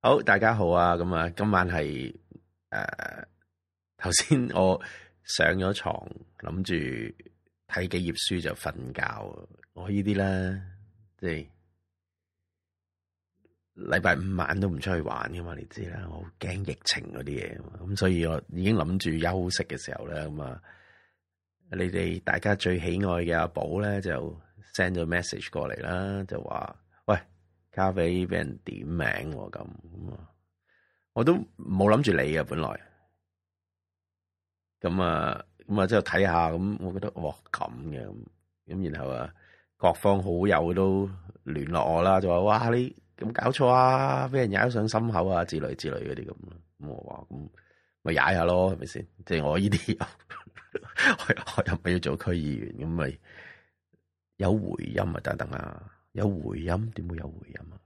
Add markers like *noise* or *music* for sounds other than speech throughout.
好，大家好啊！咁啊，今晚係誒，頭先我上咗床，諗住睇幾頁書就瞓覺。我呢啲啦，即係禮拜五晚都唔出去玩噶嘛，你知啦。我好驚疫情嗰啲嘢，咁所以我已經諗住休息嘅時候咧，咁、嗯、啊，你哋大家最喜愛嘅阿寶咧，就 send 咗 message 過嚟啦，就話。咖啡俾人點名喎，咁，我都冇諗住你啊，本來，咁啊，咁啊，即係睇下，咁我覺得，哇，咁嘅，咁然後啊，各方好友都聯絡我啦，就話，哇，你咁搞錯啊，俾人踩上心口啊，之類之類嗰啲咁，咁我話，咁咪踩下咯，係咪先？即係我呢啲，我又咪、就是、 *laughs* 要做區議員，咁咪有回音啊，等等啊。有回音，點會有回音啊？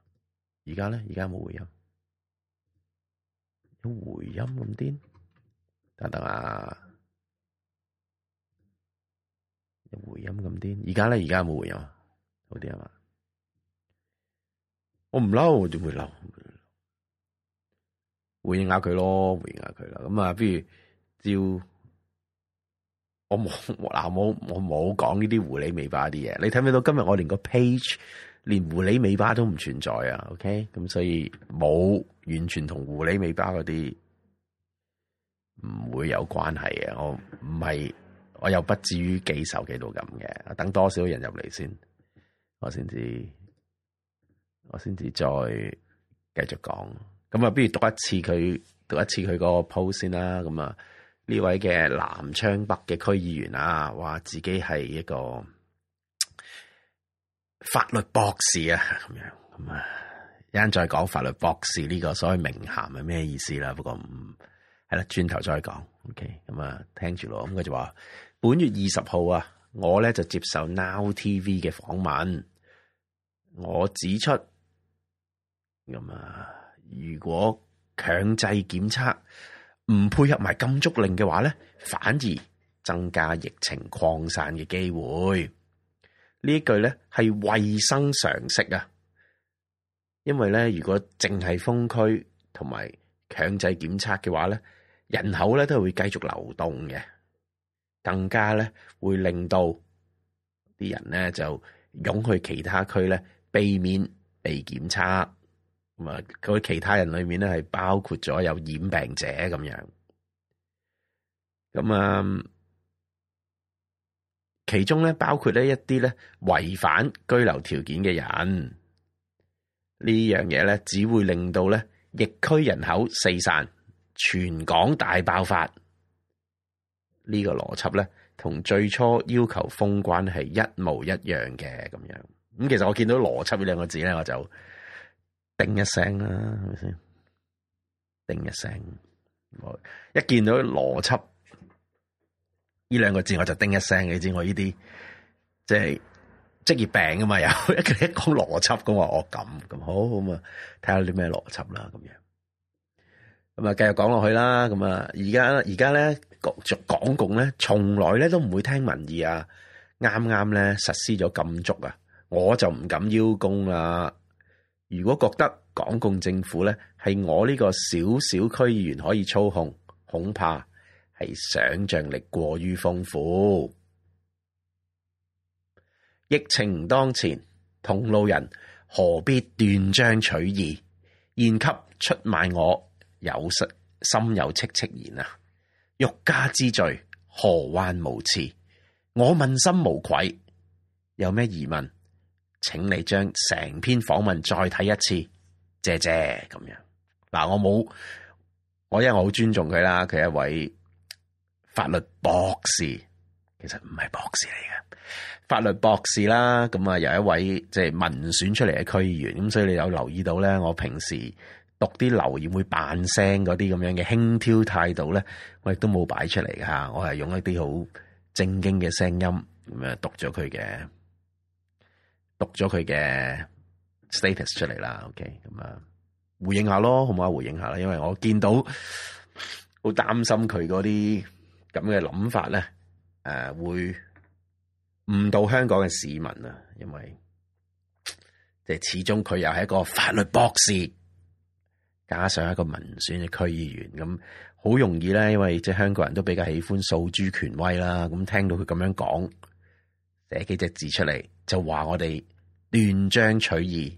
而家咧，而家冇回音。有回音咁癲，等等啊！有回音咁癲，而家咧，而家冇回音，啊！好啲啊嘛？我唔嬲，我點會嬲？回應下佢咯，回應下佢啦。咁啊，不如照。我冇嗱，我我冇講呢啲狐狸尾巴啲嘢，你睇唔睇到今日我連個 page 連狐狸尾巴都唔存在啊？OK，咁所以冇完全同狐狸尾巴嗰啲唔會有關係嘅，我唔係我又不至於記仇，記到咁嘅，等多少人入嚟先，我先至我先至再繼續講。咁啊，不如讀一次佢讀一次佢個 post 先啦。咁啊。呢位嘅南昌北嘅區議員啊，話自己係一個法律博士啊，咁樣咁啊一陣再講法律博士呢個所謂名銜係咩意思啦。不過唔係啦，轉頭再講。OK，咁啊聽住咯。咁佢就話：本月二十號啊，我咧就接受 Now TV 嘅訪問，我指出咁啊，如果強制檢測。唔配合埋禁足令嘅話咧，反而增加疫情擴散嘅機會。呢一句咧係衛生常識啊！因為咧，如果淨係封區同埋強制檢測嘅話咧，人口咧都係會繼續流動嘅，更加咧會令到啲人咧就湧去其他區咧，避免被檢測。咁啊，佢其他人裏面咧係包括咗有染病者咁樣，咁啊，其中咧包括呢一啲咧違反居留條件嘅人，呢樣嘢咧只會令到咧疫區人口四散，全港大爆發，呢個邏輯咧同最初要求封關係一模一樣嘅咁樣。咁其實我見到邏輯呢兩個字咧，我就。叮一聲啦，係咪先？叮一聲，我一見到邏輯呢兩個字，我就叮一聲。你知我呢啲即係職業病啊嘛？有一講邏輯嘅話，我咁咁好咁啊？睇下啲咩邏輯啦，咁樣咁啊，繼續講落去啦。咁啊，而家而家咧，講港共咧，從來咧都唔會聽民意啊。啱啱咧實施咗禁足啊，我就唔敢邀功啦。如果覺得港共政府咧係我呢個小小區議員可以操控，恐怕係想象力過於豐富。疫情當前，同路人何必斷章取義？言及出賣我有實，有失心有戚戚焉。啊！欲加之罪，何患無辭？我問心無愧，有咩疑問？請你將成篇訪問再睇一次，謝謝咁樣。嗱，我冇，我因為我好尊重佢啦，佢係一位法律博士，其實唔係博士嚟嘅，法律博士啦。咁啊，又一位即係民選出嚟嘅區議員。咁所以你有留意到咧，我平時讀啲留言會扮聲嗰啲咁樣嘅輕佻態度咧，我亦都冇擺出嚟吓，我係用一啲好正經嘅聲音咁樣讀咗佢嘅讀咗佢嘅 status 出嚟啦，OK，咁啊回應一下咯，好冇啊回應下啦，因為我見到好擔心佢嗰啲咁嘅諗法咧，誒、啊、會誤導香港嘅市民啊，因為即係始終佢又係一個法律博士，加上一個民選嘅區議員，咁好容易咧，因為即係香港人都比較喜歡訴諸權威啦，咁聽到佢咁樣講，寫幾隻字出嚟就話我哋。斷章取義，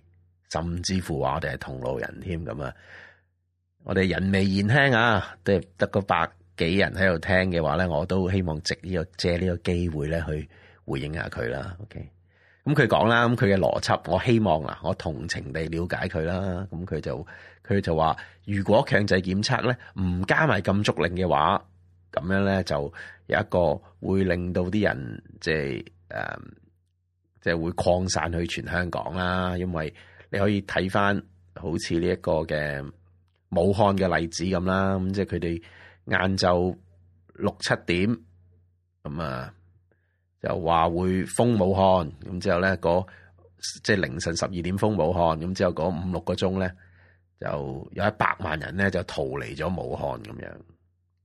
甚至乎話我哋係同路人添咁啊！我哋人微言輕啊，即係得個百幾人喺度聽嘅話咧，我都希望藉呢個借呢個機會咧去回應一下佢啦。OK，咁佢講啦，咁佢嘅邏輯，我希望啊，我同情地了解佢啦。咁佢就佢就話，如果強制檢測咧唔加埋禁足令嘅話，咁樣咧就有一個會令到啲人即係誒。嗯即係會擴散去全香港啦，因為你可以睇翻好似呢一個嘅武漢嘅例子咁啦，咁即係佢哋晏晝六七點咁啊，就話會封武漢，咁之後咧嗰即係凌晨十二點封武漢，咁之後嗰五六個鐘咧就有一百萬人咧就逃離咗武漢咁樣。誒、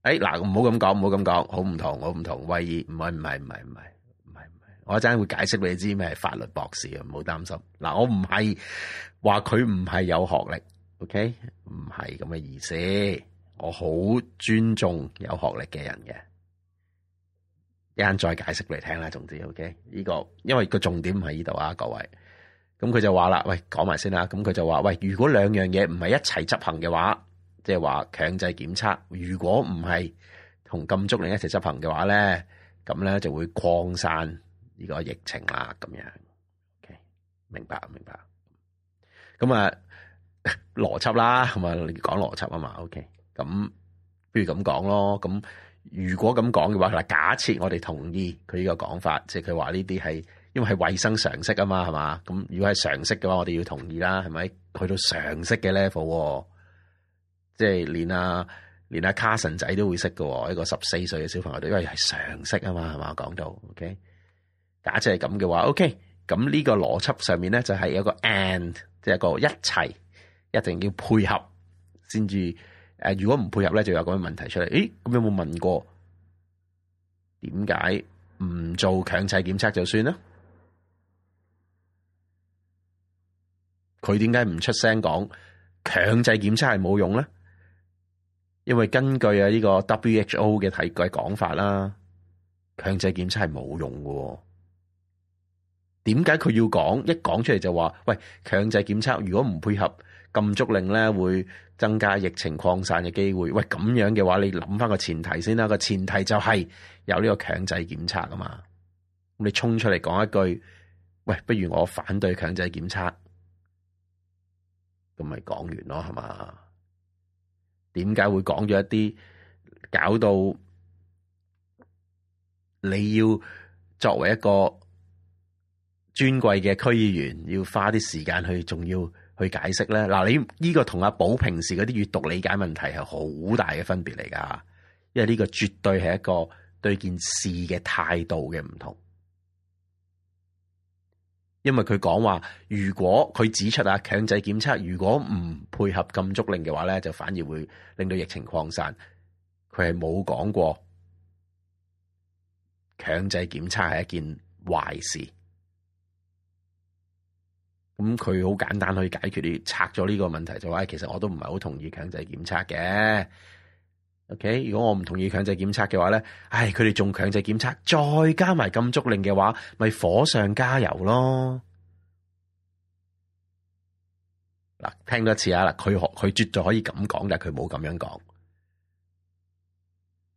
欸、嗱，唔好咁講，唔好咁講，好唔同，好唔同，威爾唔係唔係唔係唔係。我一陣會解釋俾你知咩係法律博士啊，唔好擔心嗱。我唔係話佢唔係有學歷，OK？唔係咁嘅意思。我好尊重有學歷嘅人嘅一陣再解釋俾你聽啦。總之 OK 呢個因為個重點唔喺呢度啊，各位咁佢就話啦，喂講埋先啦。咁佢就話喂，如果兩樣嘢唔係一齊執行嘅話，即係話強制檢測，如果唔係同禁足令一齊執行嘅話咧，咁咧就會擴散。呢、這個疫情啦，咁樣 OK，明白明白。咁啊，邏輯啦，係咪？你講邏輯啊嘛。OK，咁不如咁講咯。咁如果咁講嘅話，嗱，假設我哋同意佢呢個講法，即係佢話呢啲係因為係衞生常識啊嘛，係嘛？咁如果係常識嘅話，我哋要同意啦，係咪去到常識嘅 level？即係連啊，連阿、啊、Carson 仔都會識嘅喎。一個十四歲嘅小朋友都因為係常識啊嘛，係嘛我講到 OK。假設係咁嘅話，OK，咁呢個邏輯上面咧就係有個 and，即係個一齊一定要配合先至。誒，如果唔配合咧，就有個問題出嚟。誒，咁有冇問過點解唔做強制檢測就算啦？佢點解唔出聲講強制檢測係冇用咧？因為根據啊呢個 WHO 嘅體嘅講法啦，強制檢測係冇用喎。點解佢要講？一講出嚟就話喂，強制檢測，如果唔配合，禁足令咧會增加疫情擴散嘅機會。喂，咁樣嘅話，你諗翻個前提先啦。個前提就係有呢個強制檢測啊嘛。咁你衝出嚟講一句，喂，不如我反對強制檢測，咁咪講完咯，係嘛？點解會講咗一啲搞到你要作為一個？尊貴嘅區議員要花啲時間去，仲要去解釋咧。嗱，你呢個同阿寶平時嗰啲閱讀理解問題係好大嘅分別嚟噶，因為呢個絕對係一個對件事嘅態度嘅唔同。因為佢講話，如果佢指出啊強制檢測，如果唔配合禁足令嘅話咧，就反而會令到疫情擴散。佢係冇講過強制檢測係一件壞事。咁佢好簡單去解決你拆咗呢個問題就，就話其實我都唔係好同意強制檢測嘅。OK，如果我唔同意強制檢測嘅話咧，唉，佢哋仲強制檢測，再加埋禁足令嘅話，咪火上加油咯。嗱，聽多次啊。嗱，佢佢絕對可以咁講，但係佢冇咁樣講。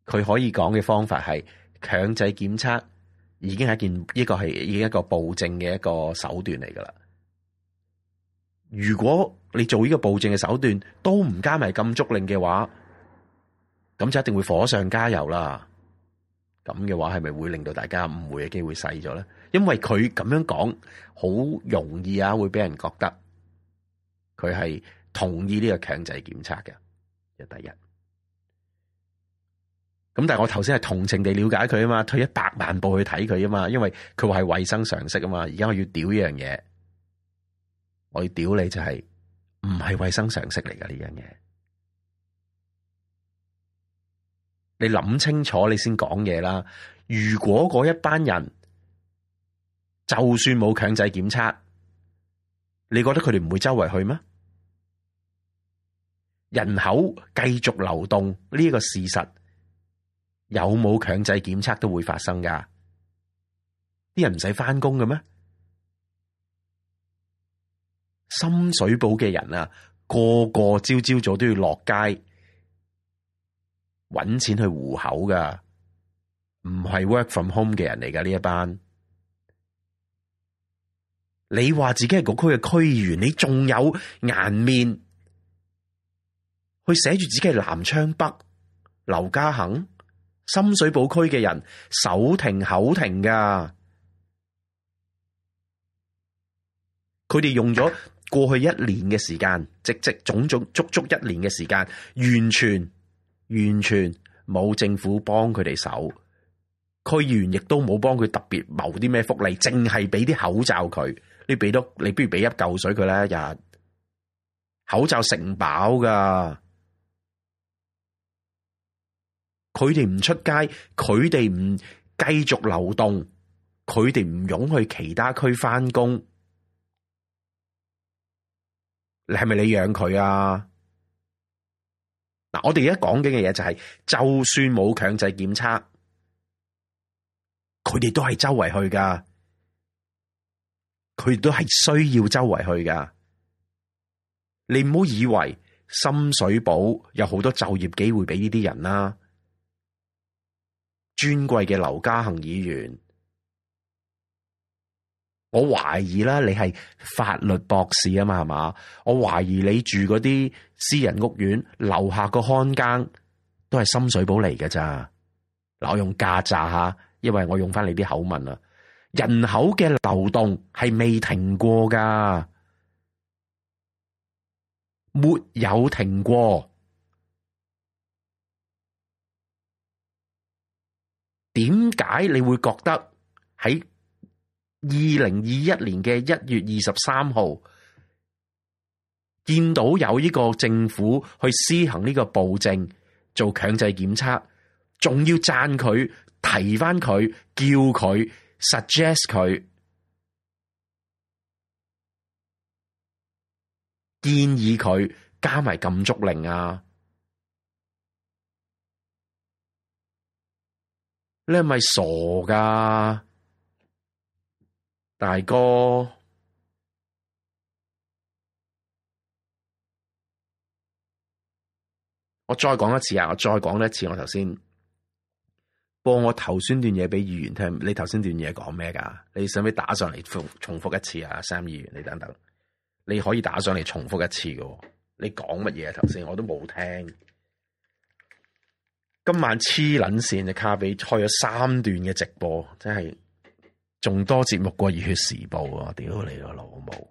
佢可以講嘅方法係強制檢測已經係一件呢個係已經一個暴政嘅一個手段嚟㗎啦。如果你做呢個暴政嘅手段，都唔加埋禁足令嘅話，咁就一定會火上加油啦。咁嘅話係咪會令到大家誤會嘅機會細咗咧？因為佢咁樣講，好容易啊，會俾人覺得佢係同意呢個強制檢測嘅。一第一，咁但係我頭先係同情地了解佢啊嘛，退一百萬步去睇佢啊嘛，因為佢話係衛生常識啊嘛，而家我要屌呢樣嘢。我屌你，就是，就係唔係衛生常識嚟㗎呢樣嘢？你諗清楚你先講嘢啦。如果嗰一班人就算冇強制檢測，你覺得佢哋唔會周圍去咩？人口繼續流動，呢個事實有冇強制檢測都會發生噶？啲人唔使翻工嘅咩？深水埗嘅人啊，個個朝朝早都要落街揾錢去糊口噶，唔係 work from home 嘅人嚟噶呢一班。你話自己係嗰區嘅區議員，你仲有顏面去寫住自己係南昌北劉家衡深水埗區嘅人手停口停噶？佢哋用咗。 *laughs* 過去一年嘅時間，直直種種足足一年嘅時間，完全完全冇政府幫佢哋手，區議員亦都冇幫佢特別謀啲咩福利，淨係俾啲口罩佢。你俾多，你不如俾一嚿水佢啦。又口罩食唔飽噶，佢哋唔出街，佢哋唔繼續流動，佢哋唔湧去其他區翻工。是不是你係咪你養佢啊？嗱，我哋而家講緊嘅嘢就係，就算冇強制檢測，佢哋都係周圍去噶，佢哋都係需要周圍去噶。你唔好以為深水埗有好多就業機會俾呢啲人啦。尊貴嘅劉家衡議員。我懷疑啦，你係法律博士啊嘛，係嘛？我懷疑你住嗰啲私人屋苑樓下個看更都係深水埗嚟㗎咋？嗱，我用夾詐吓，因為我用翻你啲口吻啦。人口嘅流動係未停過噶，沒有停過。點解你會覺得喺？二零二一年嘅一月二十三號，見到有呢個政府去施行呢個暴政，做強制檢測，仲要讚佢，提翻佢，叫佢 suggest 佢建議佢加埋禁足令啊？你係咪傻噶？大哥，我再講一次啊！我再講一次，我頭先播我頭先段嘢畀議員聽。你頭先段嘢講咩㗎？你使唔使打上嚟重複一次啊？三議員，你等等，你可以打上嚟重複一次㗎。你講乜嘢啊？頭先我都冇聽。今晚黐撚線嘅卡比開咗三段嘅直播，真係。仲多節目過熱血時報啊！屌你個老母！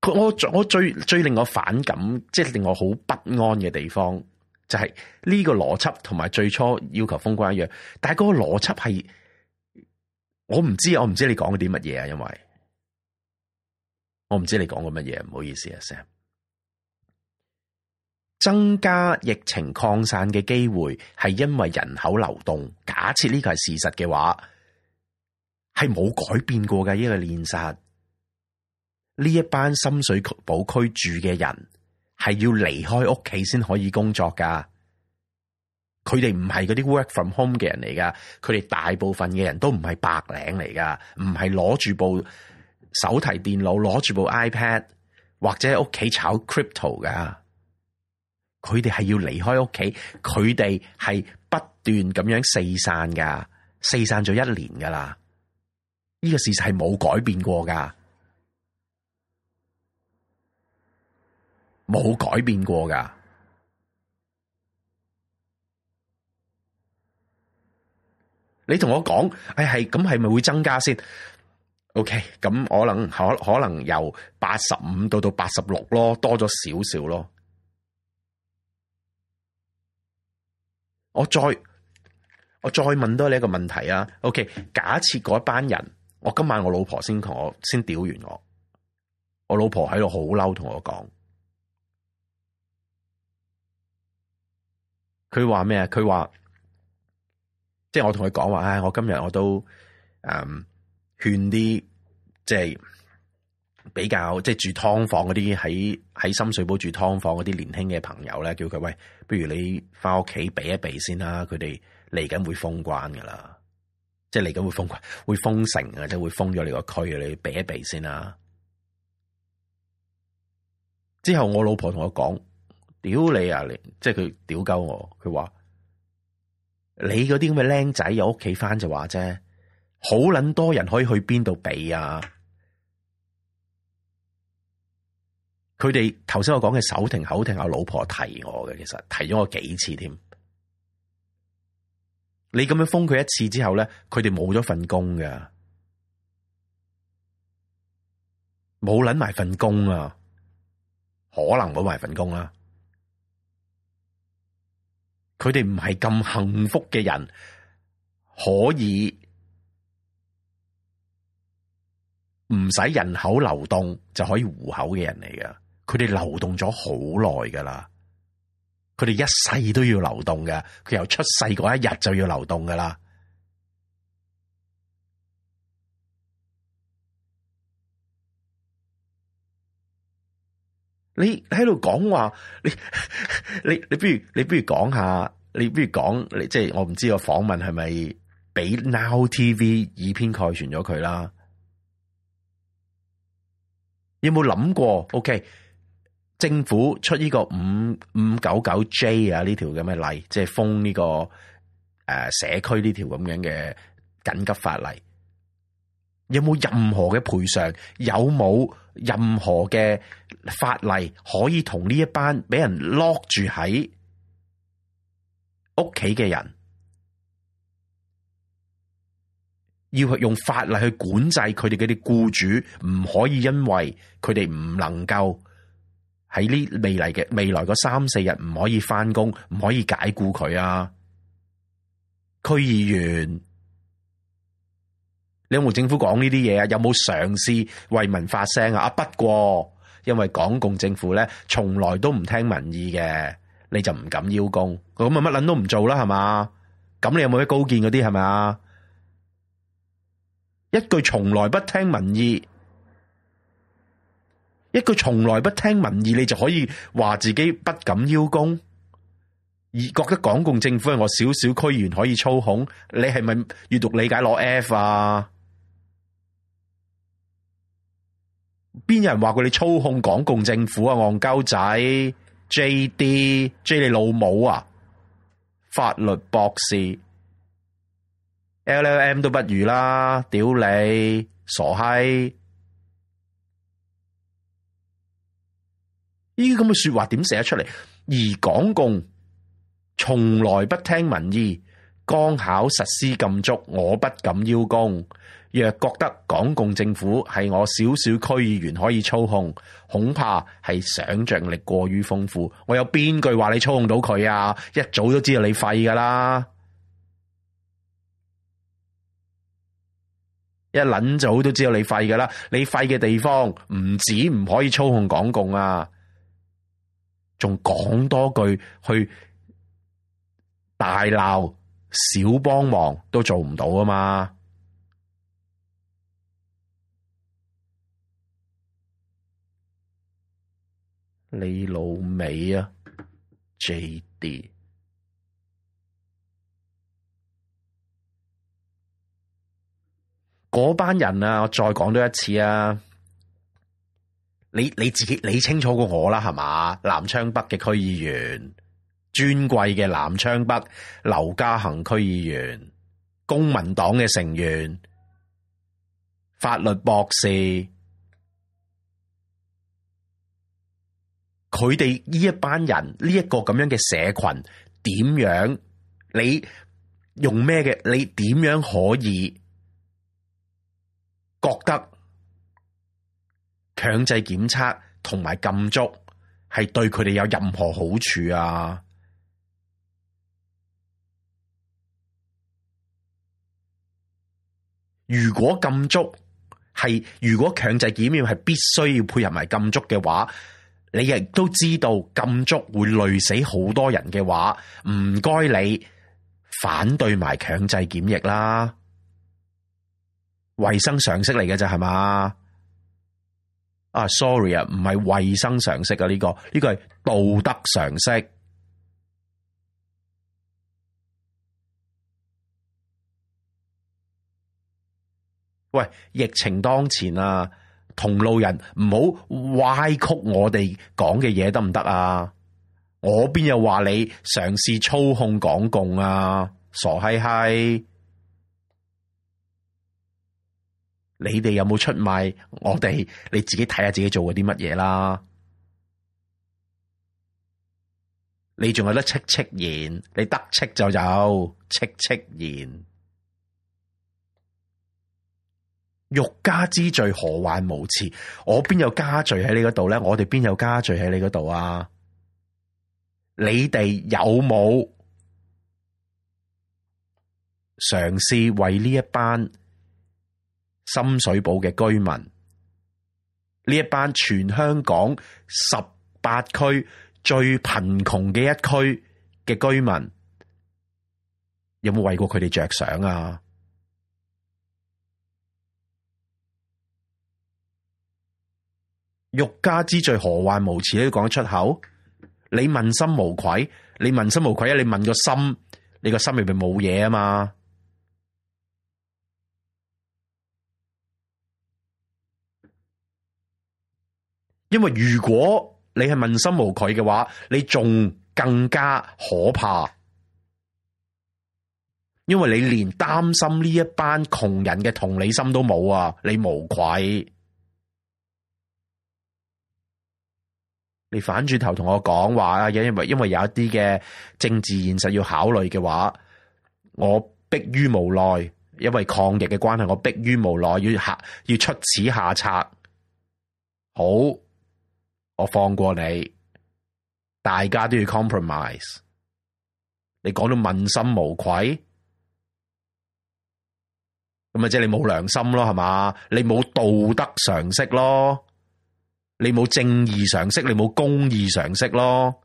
佢我我最最令我反感，即係令我好不安嘅地方，就係、是、呢個邏輯同埋最初要求封關一樣。但係嗰個邏輯係我唔知，我唔知你講啲乜嘢啊？因為我唔知你講個乜嘢，唔好意思啊，Sam。增加疫情擴散嘅機會係因為人口流動。假設呢個係事實嘅話，係冇改變過嘅，這個，一個現實。呢一班深水埗區住嘅人係要離開屋企先可以工作噶佢哋唔係嗰啲 work from home 嘅人嚟噶佢哋大部分嘅人都唔係白領嚟噶唔係攞住部手提電腦，攞住部 iPad 或者喺屋企炒 crypto 噶。佢哋係要離開屋企，佢哋係不斷咁樣四散噶，四散咗一年噶啦，呢個事實係冇改變過噶，冇改變過噶。你同我講，誒係咁係咪會增加先？OK，咁可能可可能由八十五到到八十六咯，多咗少少咯。我再我再問多你一個問題啊，OK？假設嗰一班人，我今晚我老婆先同我先屌完我，我老婆喺度好嬲，同我講，佢話咩啊？佢話即係我同佢講話唉，我今日我都嗯勸啲即係。比較即係住劏房嗰啲喺喺深水埗住劏房嗰啲年輕嘅朋友咧，叫佢喂，不如你翻屋企避一避先啦。佢哋嚟緊會封關噶啦，即係嚟緊會封關，會封城啊，即係會封咗你個區，你避一避先啦。之後我老婆同我講：，屌你啊，你即係佢屌鳩我。佢話你嗰啲咁嘅僆仔有屋企翻就話啫，好捻多人可以去邊度避啊？佢哋頭先我講嘅手停口停，阿老婆提我嘅，其實提咗我幾次添。你咁樣封佢一次之後咧，佢哋冇咗份工㗎，冇捻埋份工啊，可能冇埋份工啦。佢哋唔係咁幸福嘅人，可以唔使人口流動就可以糊口嘅人嚟㗎。佢哋流動咗好耐噶啦，佢哋一世都要流動嘅。佢由出世嗰一日就要流動噶啦。你喺度講話，你你你，不如你不如講下，你不如講，即係我唔知個訪問係咪俾 Now TV 以偏概全咗佢啦？你有冇諗過？OK。政府出呢個五九九 J 啊，呢條咁嘅例，即係封呢個誒社區呢條咁樣嘅緊急法例有有，有冇任何嘅賠償？有冇任何嘅法例可以同呢一班俾人 lock 住喺屋企嘅人，要去用法例去管制佢哋嗰啲僱主，唔可以因為佢哋唔能夠。喺呢未來嘅未來嗰三四日唔可以返工，唔可以解雇佢啊！區議員，你有冇政府講呢啲嘢啊？有冇嘗試為民發聲啊？啊，不過因為港共政府咧，從來都唔聽民意嘅，你就唔敢邀功，咁啊乜撚都唔做啦，係嘛？咁你有冇咩高見嗰啲係咪？一句從來不聽民意。一個句從來不聽民意，你就可以話自己不敢邀功，而覺得港共政府係我少少區議員可以操控？你係咪閱讀理解攞 F 啊？邊有人話過你操控港共政府啊？戇鳩仔 JD,，J D，J，你老母啊！法律博士，L L M 都不如啦，屌你傻閪！呢啲咁嘅說話點寫得出嚟？而港共從來不聽民意，剛巧實施禁足，我不敢邀功。若覺得港共政府係我少少區議員可以操控，恐怕係想象力過於豐富。我有邊句話你操控到佢啊？一早都知道你廢噶啦，一撚早,早都知道你廢噶啦。你廢嘅地方唔止唔可以操控港共啊！仲講多句，去大鬧，少幫忙都做唔到啊嘛！你老味啊，JD 嗰班人啊，我再講多一次啊！你你自己你清楚過我啦，係嘛？南昌北嘅區議員，尊貴嘅南昌北劉家衡區議員，公民黨嘅成員，法律博士，佢哋呢一班人呢一、這個咁樣嘅社群，點樣？你用咩嘅？你點樣可以覺得？強制檢測同埋禁足係對佢哋有任何好處啊？如果禁足係，如果強制檢驗係必須要配合埋禁足嘅話，你亦都知道禁足會累死好多人嘅話，唔該你反對埋強制檢疫啦？衛生常識嚟嘅咋，係嘛？啊、oh，sorry 啊，唔係衛生常識啊，呢、這個呢、這個係道德常識。喂，疫情當前啊，同路人唔好歪曲我哋講嘅嘢得唔得啊？我邊有話你嘗試操控港共啊，傻閪閪！你哋有冇出賣我哋？你自己睇下自己做過啲乜嘢啦！你仲有得戚戚焉，你得戚就有戚戚焉。欲加之罪，何患無辭？我邊有加罪喺你嗰度咧？我哋邊有加罪喺你嗰度啊？你哋有冇嘗試為呢一班？深水埗嘅居民，呢一班全香港十八區最貧窮嘅一區嘅居民，有冇為過佢哋着想啊？欲加之罪，何患無辭？都講得出口，你問心無愧，你問心無愧啊？你問個心，你個心入面冇嘢啊嘛？因為如果你係問心無愧嘅話，你仲更加可怕，因為你連擔心呢一班窮人嘅同理心都冇啊！你無愧，你反轉頭同我講話啊！因為因為有一啲嘅政治現實要考慮嘅話，我迫於無奈，因為抗疫嘅關係，我迫於無奈要下要出此下策，好。我放過你，大家都要 compromise。你講到問心無愧，咁咪即係你冇良心咯，係嘛？你冇道德常識咯，你冇正義常識，你冇公義常識咯，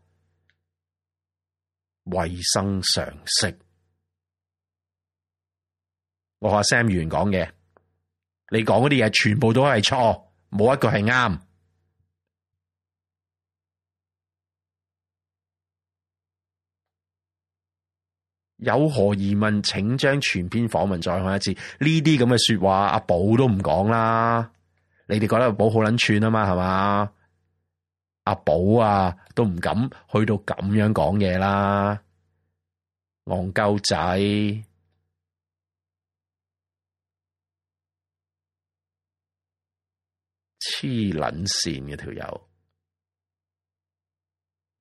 衛生常識。我話 Sam 議員講嘅，你講嗰啲嘢全部都係錯，冇一個係啱。有何疑問？請將全篇訪問再看一次。呢啲咁嘅説話，阿寶都唔講啦。你哋覺得阿寶好撚串啊嘛？係嘛？阿寶啊，都唔敢去到咁樣講嘢啦。憨鳩仔，黐撚線嘅條友。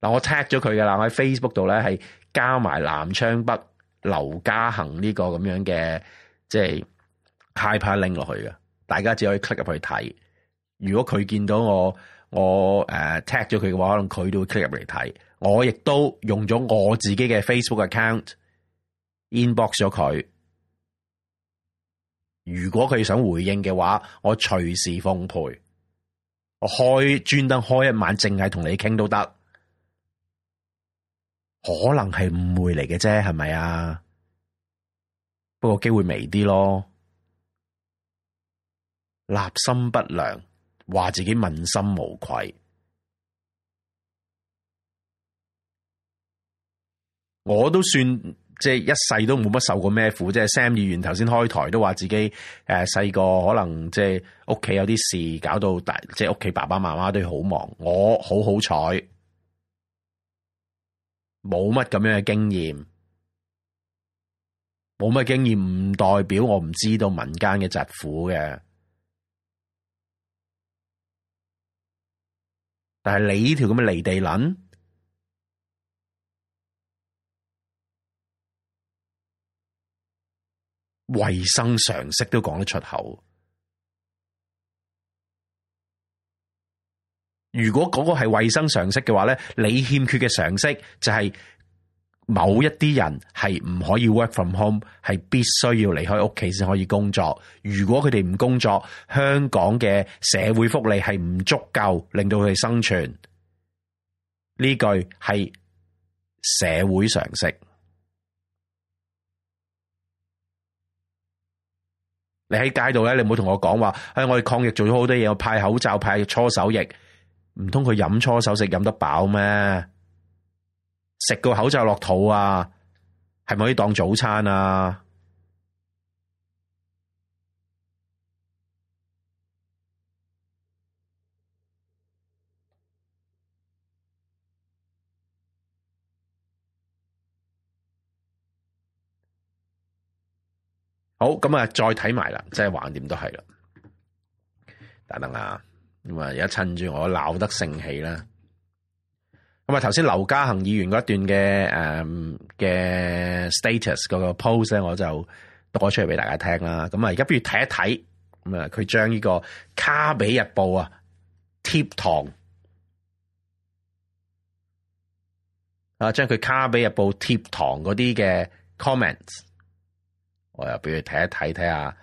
嗱，我 check 咗佢噶啦，我喺 Facebook 度咧係加埋南昌北、劉家衡呢個咁樣嘅，即係 hyperlink 拎落去嘅，大家只可以 click 入去睇。如果佢見到我，我誒 tag 咗佢嘅話，可能佢都會 click 入嚟睇。我亦都用咗我自己嘅 Facebook account inbox 咗佢。如果佢想回應嘅話，我隨時奉陪。我開專登開一晚，淨係同你傾都得。可能係誤會嚟嘅啫，係咪啊？不過機會微啲咯。立心不良，話自己問心無愧。我都算即係一世都冇乜受過咩苦。即係 Sam 議員頭先開台都話自己誒，細個可能即係屋企有啲事，搞到大即係屋企爸爸媽媽都好忙。我好好彩。冇乜咁樣嘅經驗，冇乜經驗唔代表我唔知道民間嘅疾苦嘅，但係你呢條咁嘅離地撚？衛生常識都講得出口。如果嗰個係衛生常識嘅話咧，你欠缺嘅常識就係某一啲人係唔可以 work from home，係必須要離開屋企先可以工作。如果佢哋唔工作，香港嘅社會福利係唔足夠，令到佢哋生存。呢句係社會常識。你喺街度咧，你唔好同我講話，喺、哎、我哋抗疫做咗好多嘢，我派口罩，派搓手液。唔通佢飲初手食飲得飽咩？食個口罩落肚啊，係咪可以當早餐啊？好，咁啊，再睇埋啦，即係橫掂都係啦，等等啊！咁啊！而家趁住我鬧得盛氣啦，咁啊頭先劉家衡議員嗰一段嘅嘅、嗯、status 嗰個 post 咧，我就讀咗出嚟俾大家聽啦。咁啊，而家不如睇一睇咁啊，佢將呢個《卡比日報》啊貼堂啊，將佢《卡比日報》貼堂嗰啲嘅 comments，我又不如睇一睇睇下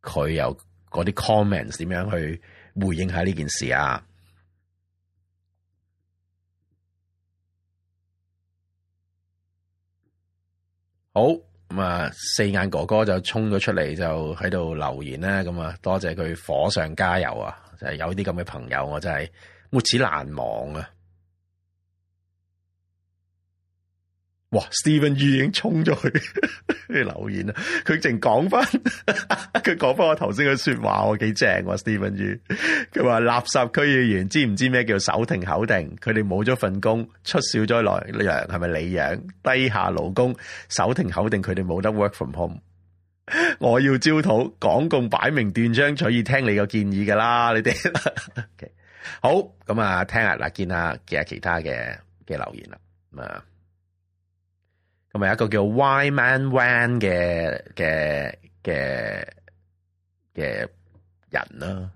佢有嗰啲 comments 點樣去。回應下呢件事啊！好，咁啊，四眼哥哥就衝咗出嚟就喺度留言啦！咁啊，多謝佢火上加油啊！就係有啲咁嘅朋友，我真係沒齒難忘啊！哇 Stephen Yu 已經衝咗去了 *laughs* 留言啦、啊！佢淨講翻，佢講翻我頭先嘅說話，我幾正、啊、Stephen Yu 佢 *laughs* 話垃圾區議員知唔知咩叫手停口停？佢哋冇咗份工，出少咗勞，養係咪你養？低下勞工，手停口停。佢哋冇得 work from home。 *laughs* 我要招土港共擺明斷章取義，以聽你個建議㗎啦，你哋。 *laughs* 好，咁啊，聽下嗱，見下見下其他嘅嘅留言啦，咁啊。咁咪一個叫 Y-Man Wan 嘅嘅嘅嘅人囉，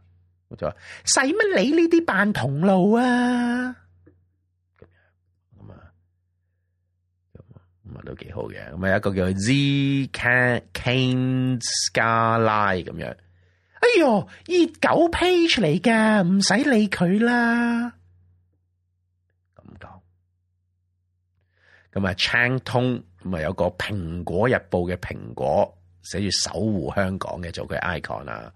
我就話，使乜理呢啲扮同路啊？咁啊，咁啊，咁啊都幾好嘅。咁咪一個叫 Z c a Kane s c a r l e 咁樣哎。哎喲熱狗 Page 嚟噶，唔使理佢啦。咁啊 c h a n 通咁啊，有一個《蘋果日報》嘅蘋果寫住守護香港嘅做佢 icon 啊。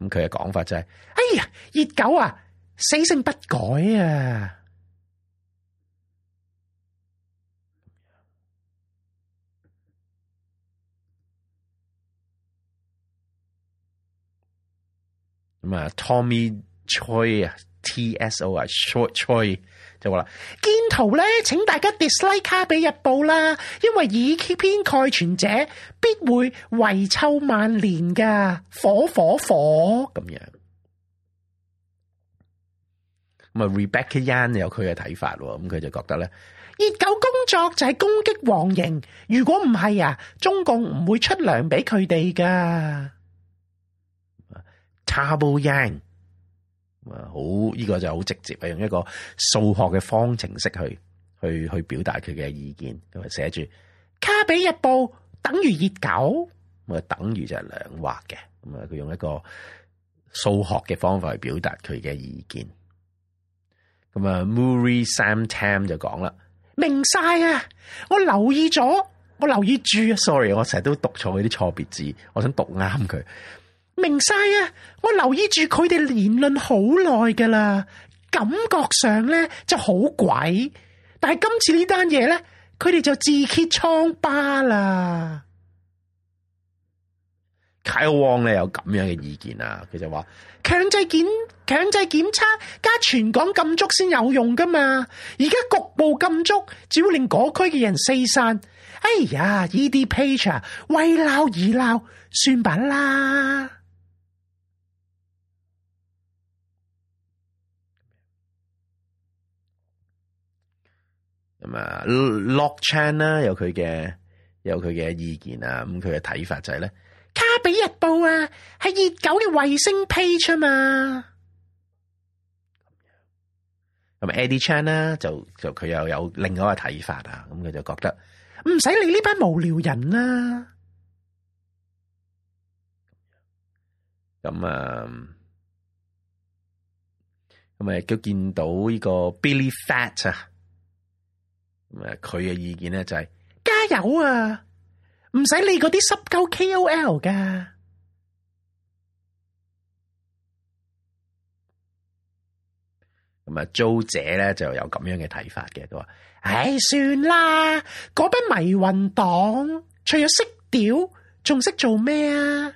咁佢嘅講法就係、是，哎呀，熱狗啊，死性不改啊！咁啊，Tommy Choi 啊，T S O 啊，Short Choi。就話啦，見圖咧，請大家 dislike 卡比日報啦，因為以偏概全者必會遺臭萬年噶，火火火咁樣。咁啊，Rebecca Yan 有佢嘅睇法，咁佢就覺得咧，熱狗工作就係攻擊黃營，如果唔係啊，中共唔會出糧俾佢哋噶。Table Yang。好呢、呢個就好直接用一個數學嘅方程式去去去表達佢嘅意見，咁啊寫住卡比日報等於熱狗，咁啊等於就係兩畫嘅，咁啊佢用一個數學嘅方法去表達佢嘅意見。咁、嗯、啊，Murray Sam Tam 就講啦，明晒啊！我留意咗，我留意住。Sorry，我成日都讀錯佢啲錯別字，我想讀啱佢。明晒啊！我留意住佢哋言論好耐噶啦，感覺上咧就好鬼。但係今次呢單嘢咧，佢哋就自揭瘡疤啦。凱旺咧有咁樣嘅意見啊，佢就話強制檢強制檢測加全港禁足先有用噶嘛。而家局部禁足只會令嗰區嘅人四散。哎呀，呢啲 page 啊為鬧而鬧算罷啦。啊 Lock Chan 啦，有佢嘅有佢嘅意見啊，咁佢嘅睇法就係咧，《卡比日報》啊，係熱狗嘅衛星 page 啊嘛。咁啊，Eddie Chan 啦，就就佢又有另外一個睇法啊，咁佢就覺得唔使理呢班無聊人啦。咁啊，咁啊，佢、嗯、見到呢個 Billy Fat 啊。咁啊，佢嘅意見咧就係加油啊，唔使理嗰啲濕鳩 K O L 噶。咁啊，租姐咧就有咁樣嘅睇法嘅，都話唉，算啦，嗰班迷魂黨除咗識屌，仲識做咩啊？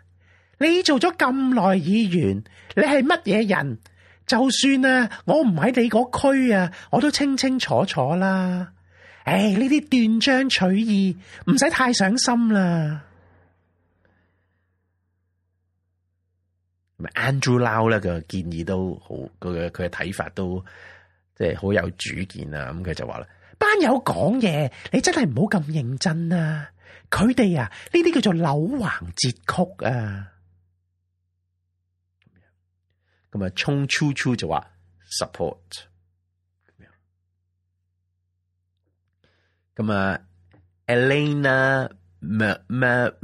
你做咗咁耐議員，你係乜嘢人？就算啊，我唔喺你嗰區啊，我都清清楚楚啦。誒、哎，呢啲斷章取義，唔使太上心啦。咁 Andrew Lau 咧個建議都好，佢嘅佢嘅睇法都即係好有主見啊。咁佢就話啦，班友講嘢，你真係唔好咁認真啊。佢哋啊，呢啲叫做扭橫折曲啊。咁啊，沖超超就話 support。咁啊，Elena Mar 咩 Ma,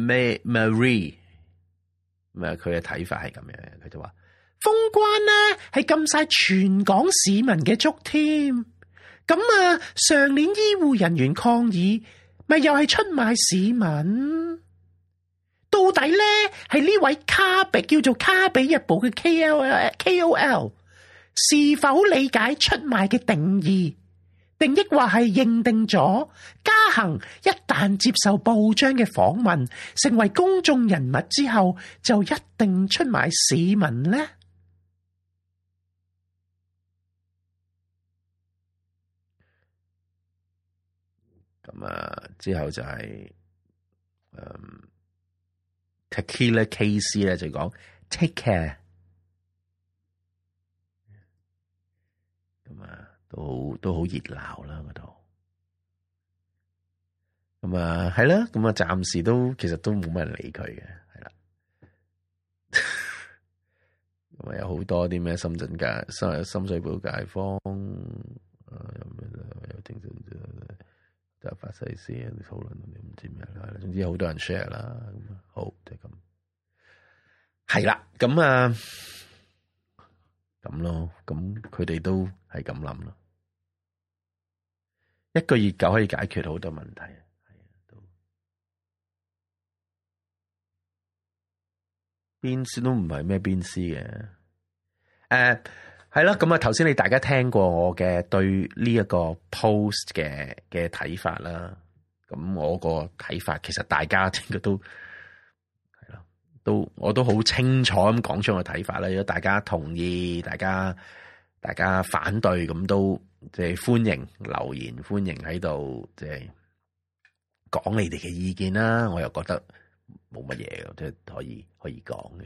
Ma, Marie，咁啊佢嘅睇法係咁樣，佢就話封關呢、啊、係禁晒全港市民嘅足添。咁啊上年醫護人員抗議，咪又係出賣市民？到底咧係呢位卡比叫做卡比日報嘅 KOL KOL 是否理解出賣嘅定義？定抑或係認定咗，家衡一旦接受報章嘅訪問，成為公眾人物之後，就一定出賣市民呢？咁啊，之後就係，Tequila KC 咧就講 Take care。都好熱好熱鬧啦，嗰度咁啊係啦，咁啊暫時都其實都冇乜人理佢嘅係啦，咁 *laughs* 啊有好多啲咩深圳界、深深水埗街坊，啊、有咩啊有聽就就發誓先討論啲唔知咩啦，總之好多人 share 啦，咁好就係、是、咁，係啦咁啊咁咯，咁佢哋都係咁諗一個月就可以解決好多問題，係啊，都邊絲都唔係咩邊絲嘅。誒，係咯，咁啊，頭先你大家聽過我嘅對呢一個 post 嘅嘅睇法啦。咁我個睇法其實大家聽個都係啦，都我都好清楚咁講出我嘅睇法啦。如果大家同意，大家大家反對咁都。即係歡迎留言，歡迎喺度即係講你哋嘅意見啦。我又覺得冇乜嘢嘅，即係可以可以講嘅。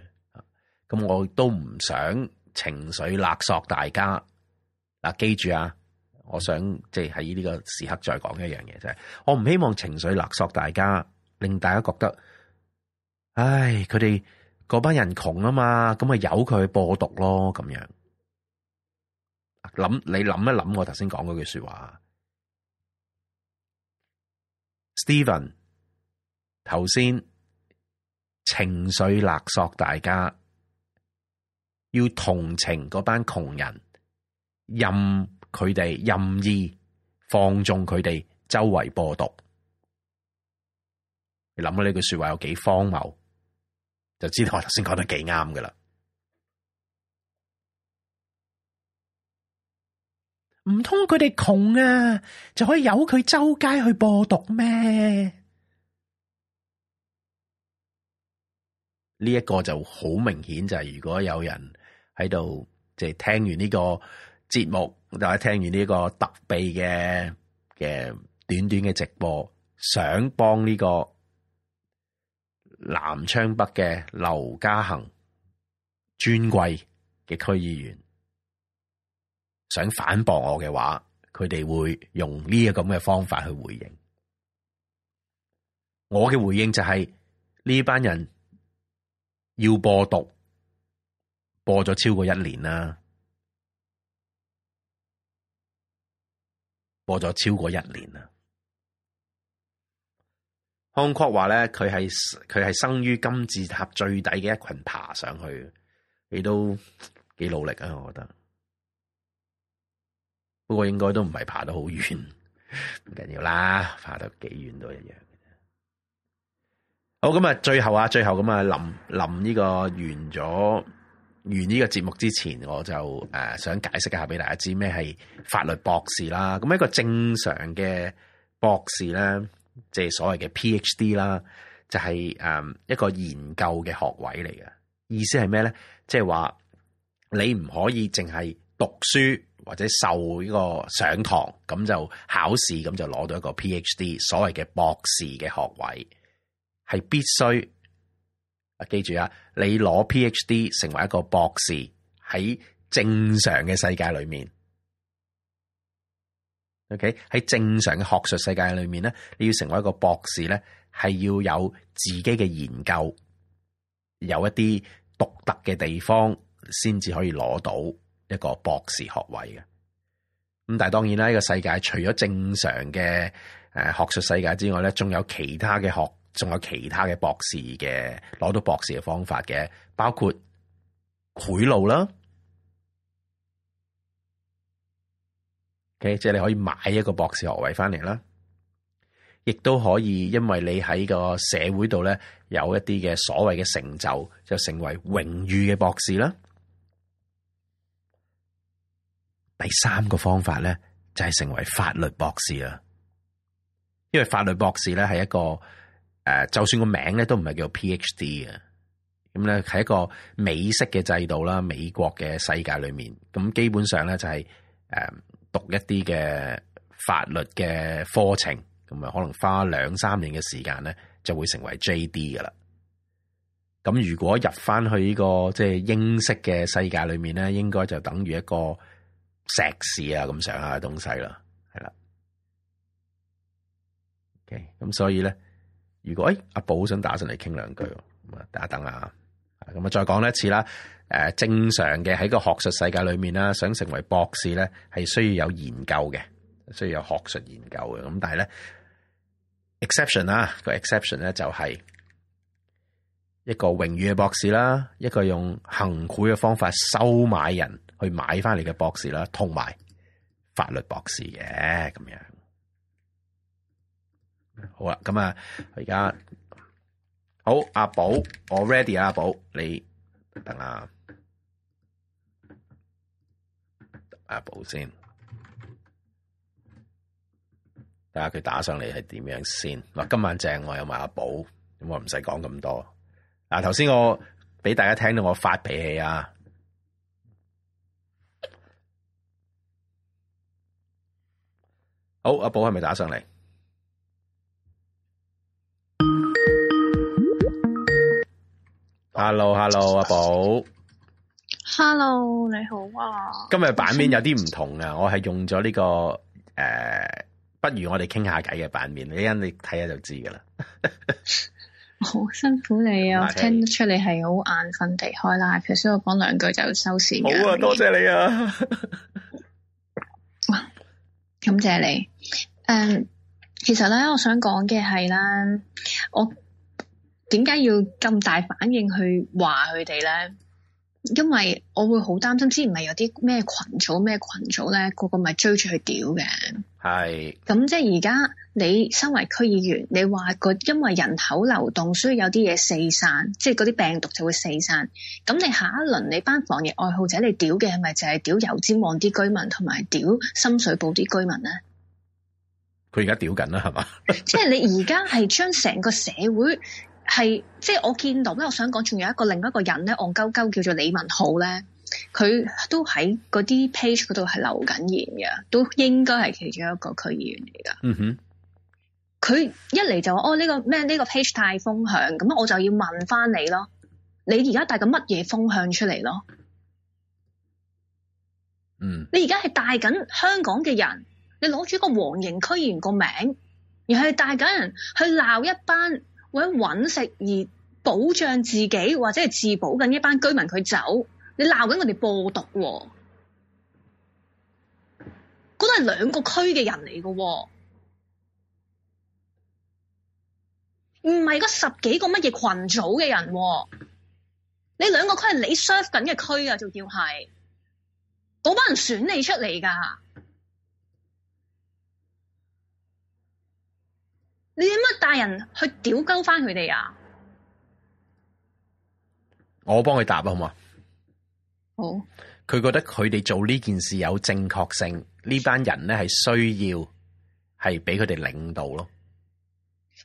咁我都唔想情緒勒索大家。嗱，記住啊，我想即係喺呢個時刻再講一樣嘢，就係我唔希望情緒勒索大家，令大家覺得，唉，佢哋班人窮啊嘛，咁咪由佢播毒咯，咁樣。諗你諗一諗我頭先講句說話，Stephen 頭先情緒勒索大家，要同情嗰班窮人，任佢哋任意放縱佢哋周圍播毒，你諗下呢句說話有幾荒謬，就知道我頭先講得幾啱噶啦。唔通佢哋窮啊，就可以由佢周街去播毒咩？呢一個就好明顯就係，如果有人喺度即係聽完呢個節目，就係聽完呢個特備嘅嘅短短嘅直播，想幫呢個南昌北嘅劉家衡尊貴嘅區議員。想反駁我嘅話，佢哋會用呢個咁嘅方法去回應。我嘅回應就係、是、呢班人要播毒，播咗超過一年啦，播咗超過一年啦。康括話咧，佢係佢係生於金字塔最底嘅一群，爬上去，你都幾努力啊，我覺得。該不過，應該都唔係爬得好遠，唔緊要啦，爬得幾遠都一樣嘅。好，咁啊，最後啊，最後咁啊，臨臨呢個完咗完呢個節目之前，我就誒想解釋一下俾大家知咩係法律博士啦。咁一個正常嘅博士咧，即係所謂嘅 PhD 啦，就係誒一個研究嘅學位嚟嘅。意思係咩咧？即係話你唔可以淨係讀書。或者受呢個上堂咁就考試咁就攞到一個 Ph.D. 所謂嘅博士嘅學位係必須啊，記住啊，你攞 Ph.D. 成為一個博士喺正常嘅世界裏面，OK 喺正常嘅學術世界裏面咧，你要成為一個博士咧，係要有自己嘅研究，有一啲獨特嘅地方先至可以攞到。一個博士學位嘅，咁但係當然啦，呢個世界除咗正常嘅誒學術世界之外咧，仲有其他嘅學，仲有其他嘅博士嘅攞到博士嘅方法嘅，包括賄賂啦。OK，即係你可以買一個博士學位翻嚟啦，亦都可以，因為你喺個社會度咧有一啲嘅所謂嘅成就，就成為榮譽嘅博士啦。第三個方法咧，就係成為法律博士啊，因為法律博士咧，係一個誒，就算個名咧都唔係叫做 PhD 啊，咁咧，係一個美式嘅制度啦，美國嘅世界裏面，咁基本上咧，就係誒讀一啲嘅法律嘅課程，咁啊，可能花兩三年嘅時間咧就會成為 JD 噶啦。咁如果入翻去呢個即係英式嘅世界裏面咧，應該就等於一個。碩士啊咁上下嘅東西啦，係啦，咁、okay，所以咧，如果誒、哎、阿寶想打上嚟傾兩句，咁啊等一等啊，咁啊再講一次啦，誒正常嘅喺個學術世界裏面啦，想成為博士咧係需要有研究嘅，需要有學術研究嘅，咁但係咧 exception 啦，個 exception 咧就係一個榮譽嘅博士啦，一個用行賄嘅方法收買人。去買翻你嘅博士啦，同埋法律博士嘅咁樣。好啦，咁啊，而家好阿寶，我 ready 啊，阿寶，你等啊，阿寶先，睇下佢打上嚟係點樣先。嗱，今晚正我有埋阿寶，咁我唔使講咁多。嗱，頭先我俾大家聽到我發脾氣啊。好、哦，阿寶係咪打上嚟？Hello，Hello，hello, 阿寶。Hello，你好啊。今日版面有啲唔同啊、嗯，我係用咗呢、這個誒、呃，不如我哋傾下偈嘅版面，你一陣你睇下就知噶啦。好辛苦你啊， *laughs* 我聽得出你係好眼瞓，地開啦。其實我講兩句就要收線。好啊，多謝,謝你啊。 *laughs* 感謝你，誒，uh，其實咧，我想講嘅係咧，我點解要咁大反應去話佢哋咧？因為我會好擔心，之前咪有啲咩群組咩群組咧，個個咪追住去屌嘅。係。咁即係而家你身為區議員，你話個因為人口流動，所以有啲嘢四散，即係嗰啲病毒就會四散。咁你下一輪你班防疫愛好者你屌嘅係咪就係屌油尖旺啲居民，同埋屌深水埗啲居民咧？佢而家屌緊啦，係嘛？ *laughs* 即係你而家係將成個社會。係，即係我見到，咁我想講，仲有一個另外一個人咧，戇鳩鳩叫做李文浩咧，佢都喺嗰啲 page 嗰度係留緊言嘅，都應該係其中一個區議員嚟噶。嗯哼，佢一嚟就話：，哦，呢個咩？呢個 page 太風向，咁我就要問翻你咯，你而家帶緊乜嘢風向出嚟咯？嗯，你而家係帶緊香港嘅人，你攞住一個黃營區議員個名，而係帶緊人去鬧一班。為揾食而保障自己，或者係自保，緊一班居民佢走，你鬧緊我哋播毒，嗰都係兩個區嘅人嚟噶，唔係嗰十幾個乜嘢群組嘅人，你兩個區係你 serve 緊嘅區啊，仲要係嗰班人選你出嚟噶。你點乜大人去屌鳩翻佢哋啊？我幫佢答啊，好嘛？好。佢覺得佢哋做呢件事有正確性，呢班人咧係需要係俾佢哋領導咯。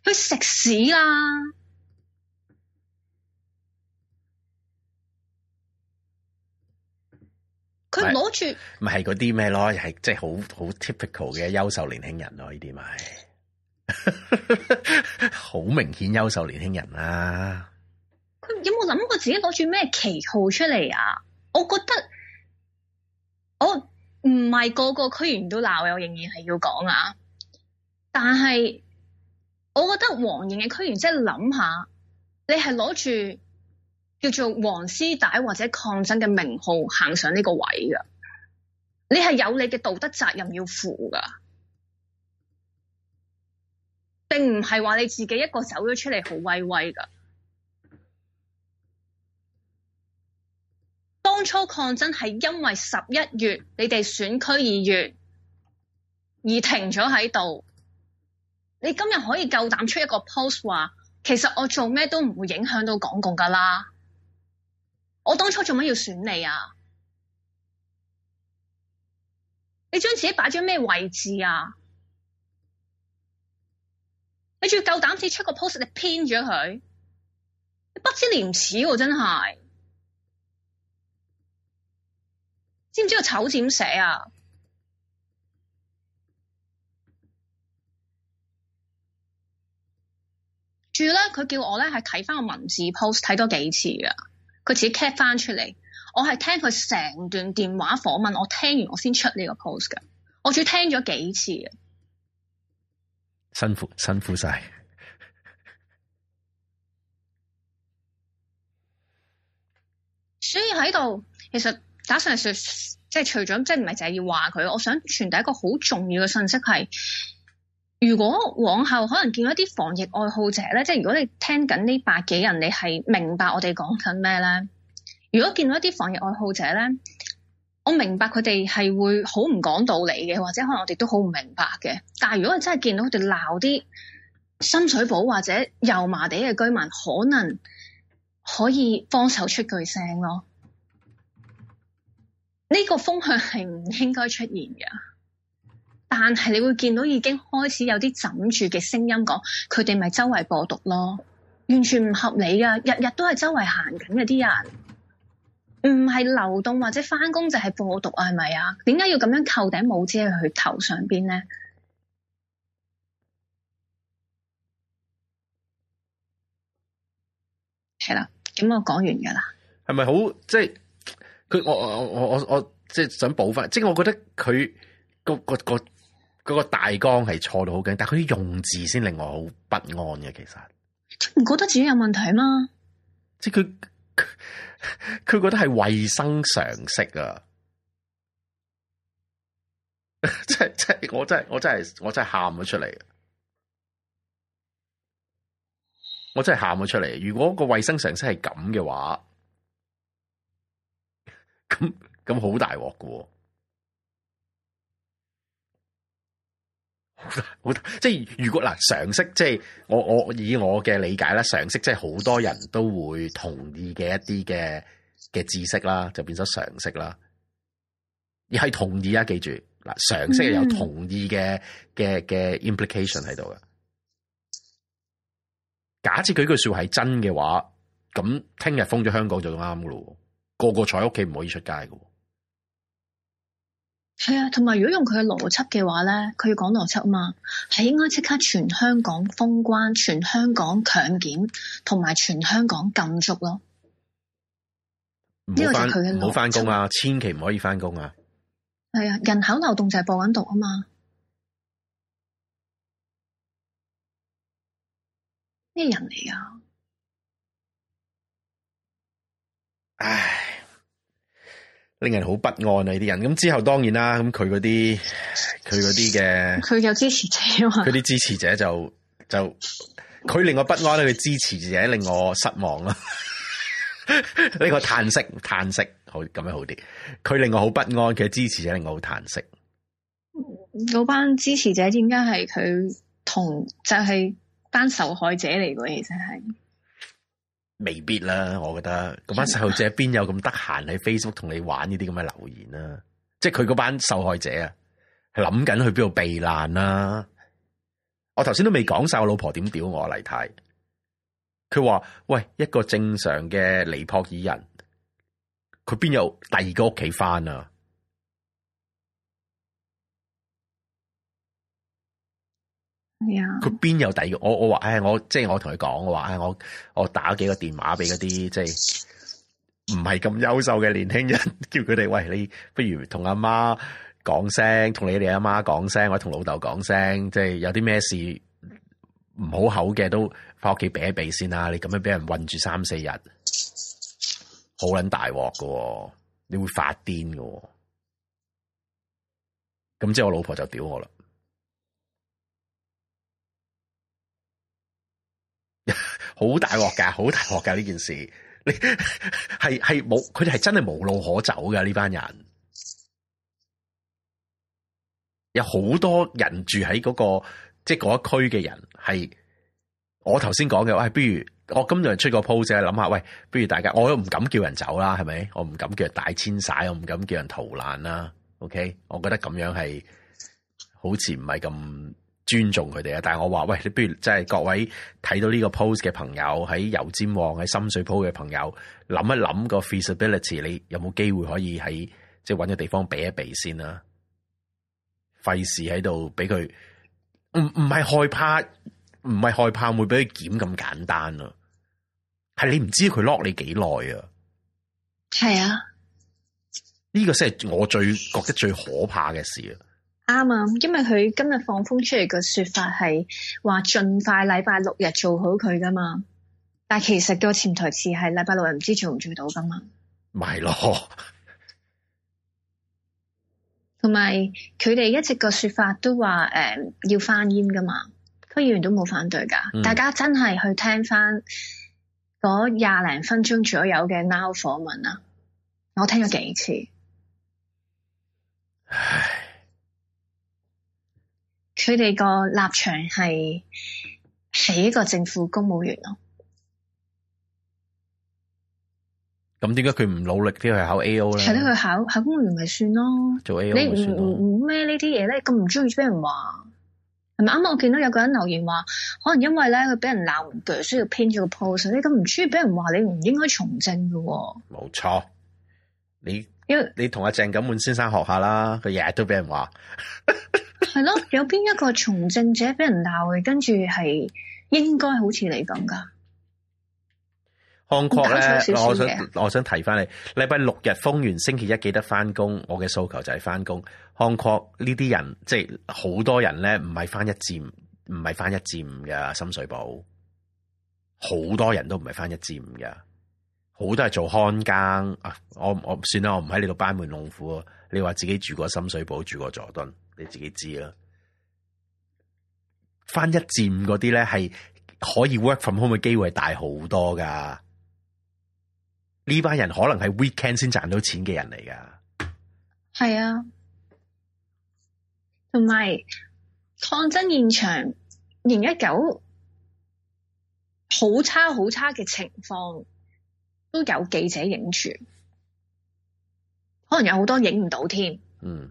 佢食屎啊！佢攞住咪係嗰啲咩咯？係即係好好 typical 嘅優秀年輕人咯，啊，呢啲咪。好 *laughs* 明顯優秀年輕人啦！佢有冇諗過自己攞住咩旗號出嚟啊？我覺得我唔係個個區議員都鬧嘅，我仍然係要講啊！但係我覺得黃營嘅區議員，即係諗下，你係攞住叫做黃絲帶或者抗爭嘅名號行上呢個位嘅，你係有你嘅道德責任要負噶。唔係話你自己一個走咗出嚟好威威噶當初抗爭係因為十一月你哋選區議員而停咗喺度，你今日可以夠膽出一個 post 話，其實我做咩都唔會影響到港共噶啦，我當初做乜要選你啊？你將自己擺咗咩位置啊？你仲要夠膽子出個 post，你編咗佢，你不知廉恥喎、啊，真係知唔知個醜字點寫啊？仲要咧，佢叫我咧係睇翻個文字 post，睇多幾次㗎。佢自己 cap 翻出嚟。我係聽佢成段電話訪問，我聽完我先出呢個 post 㗎。我仲要聽咗幾次啊。辛苦辛苦晒，所以喺度，其實打上嚟說，即係除咗，即係唔係淨係要話佢，我想傳遞一個好重要嘅信息係，如果往後可能見到一啲防疫愛好者咧，即係如果你聽緊呢百幾人，你係明白我哋講緊咩咧？如果見到一啲防疫愛好者咧。我明白佢哋係會好唔講道理嘅，或者可能我哋都好唔明白嘅。但係如果真係見到佢哋鬧啲深水埗或者油麻地嘅居民，可能可以幫手出句聲咯。呢個風向係唔應該出現嘅，但係你會見到已經開始有啲枕住嘅聲音講，佢哋咪周圍播毒咯，完全唔合理噶，日日都係周圍行緊嘅啲人。唔係流動或者翻工就係播毒係咪啊？點解要咁樣扣頂帽子喺佢頭上邊咧？係啦，咁我講完噶啦。係咪好即係佢？我我我我我即係想補翻。即係我覺得佢個個個個大綱係錯到好勁，但係佢用字先令我好不安嘅。其實唔覺得自己有問題嘛？即係佢。佢覺得係衛生常識啊！即係即係我真係我真係我真係喊咗出嚟，我真係喊咗出嚟。如果個衛生常識係咁嘅話，咁咁好大鑊嘅。好即係如果嗱常識即係我我以我嘅理解啦常識即係好多人都會同意嘅一啲嘅嘅知識啦就變咗常識啦而係同意啊記住嗱常識係有同意嘅嘅嘅 implication 喺度嘅假設佢句說話係真嘅話咁聽日封咗香港就啱噶啦個個坐喺屋企唔可以出街噶。係啊，同埋如果用佢嘅邏輯嘅話咧，佢要講邏輯啊嘛，係應該即刻全香港封關，全香港強檢，同埋全香港禁足咯。呢個就係佢嘅邏輯。唔好返工啊！千祈唔可以返工啊！係啊，人口流動就係播緊毒啊嘛！咩人嚟㗎？唉。令人好不安啊！呢啲人咁之後，當然啦，咁佢嗰啲，佢嗰啲嘅，佢有支持者嘛，佢啲支持者就就佢令我不安啦，佢支持者令我失望啦。呢個嘆息嘆息好咁樣好啲，佢令我好不安，嘅支持者令我好嘆息。嗰班支持者點解係佢同就係、是、班受害者嚟嘅？其實係。未必啦，我覺得嗰班細路仔邊有咁得閒喺 Facebook 同你玩呢啲咁嘅留言啦、啊？即係佢嗰班受害者啊，係諗緊去邊度避難啦、啊？我頭先都未講晒，我老婆點屌我嚟睇。佢話：喂，一個正常嘅尼泊爾人，佢邊有第二個屋企返啊？佢邊有第二個？我我話，誒，我即係我同佢講，我話，誒，我、哎、我，我打幾個電話俾嗰啲即係唔係咁優秀嘅年輕人，叫佢哋，喂，你不如同阿媽講聲，同你哋阿媽講聲，或者同老豆講聲，即係有啲咩事唔好口嘅，都返屋企避一避先啦。你咁樣俾人困住三四日，好撚大鑊噶，你會發癲噶、哦。咁之後我老婆就屌我啦。好大鑊噶，好大鑊噶呢件事，係係冇佢哋係真係無路可走噶呢班人，有好多人住喺嗰個即係嗰一區嘅人係，我頭先講嘅，喂，不如我今日出個 post 諗下，喂，不如大家，我都唔敢叫人走啦，係咪？我唔敢叫人大遷徙，我唔敢叫人逃難啦。OK，我覺得咁樣係好似唔係咁。尊重佢哋啊！但係我話喂，你不如即係各位睇到呢個 post 嘅朋友喺油尖旺、喺深水埗嘅朋友諗一諗個 feasibility，你有冇機會可以喺即係搵個地方避一避先啦，啊？費事喺度俾佢唔唔係害怕，唔係害怕會俾佢檢咁簡單啊，係你唔知佢 lock 你幾耐啊？係啊，呢、這個先係我最覺得最可怕嘅事啊！啱啊，因為佢今日放風出嚟個說法係話盡快禮拜六日做好佢噶嘛，但係其實個潛台詞係禮拜六日唔知做唔做到噶嘛。咪咯，同埋佢哋一直個說法都話誒要翻煙噶嘛，區議員都冇反對噶，大家真係去聽翻嗰廿零分鐘左右嘅 now 訪問啊，我聽咗幾次。佢哋個立場係起一個政府公務員咯，咁點解佢唔努力啲去考 A O 咧？係咯，去考考公務員咪算咯？做 A O 咪算咯？你唔唔咩呢啲嘢咧？咁唔中意俾人話，係咪啱啱我見到有個人留言話，可能因為咧佢俾人鬧唔鋸，需要編咗個 post，你咁唔中意俾人話，你唔應該從政嘅？冇錯，你。因你同阿鄭錦滿先生學下啦，佢日日都俾人話。係咯，有邊一個從政者俾人鬧嘅？跟住係應該好似你咁㗎。康國咧，我想我想提翻你，禮拜六日封完，星期一記得翻工。我嘅訴求就係翻工。康國呢啲人，即係好多人咧，唔係翻一至五，唔係翻一至五㗎。深水埗，好多人都唔係翻一至五㗎。好多係做看更啊！我我算啦，我唔喺你度班門弄斧。你話自己住過深水埗，住過佐敦，你自己知啦。翻一至五嗰啲咧，係可以 work from home 嘅機會大好多噶。呢班人可能係 weekend 先賺到錢嘅人嚟噶。係啊，同埋抗爭現場，二零一九好差好差嘅情況。都有記者影住，可能有好多影唔到添。嗯，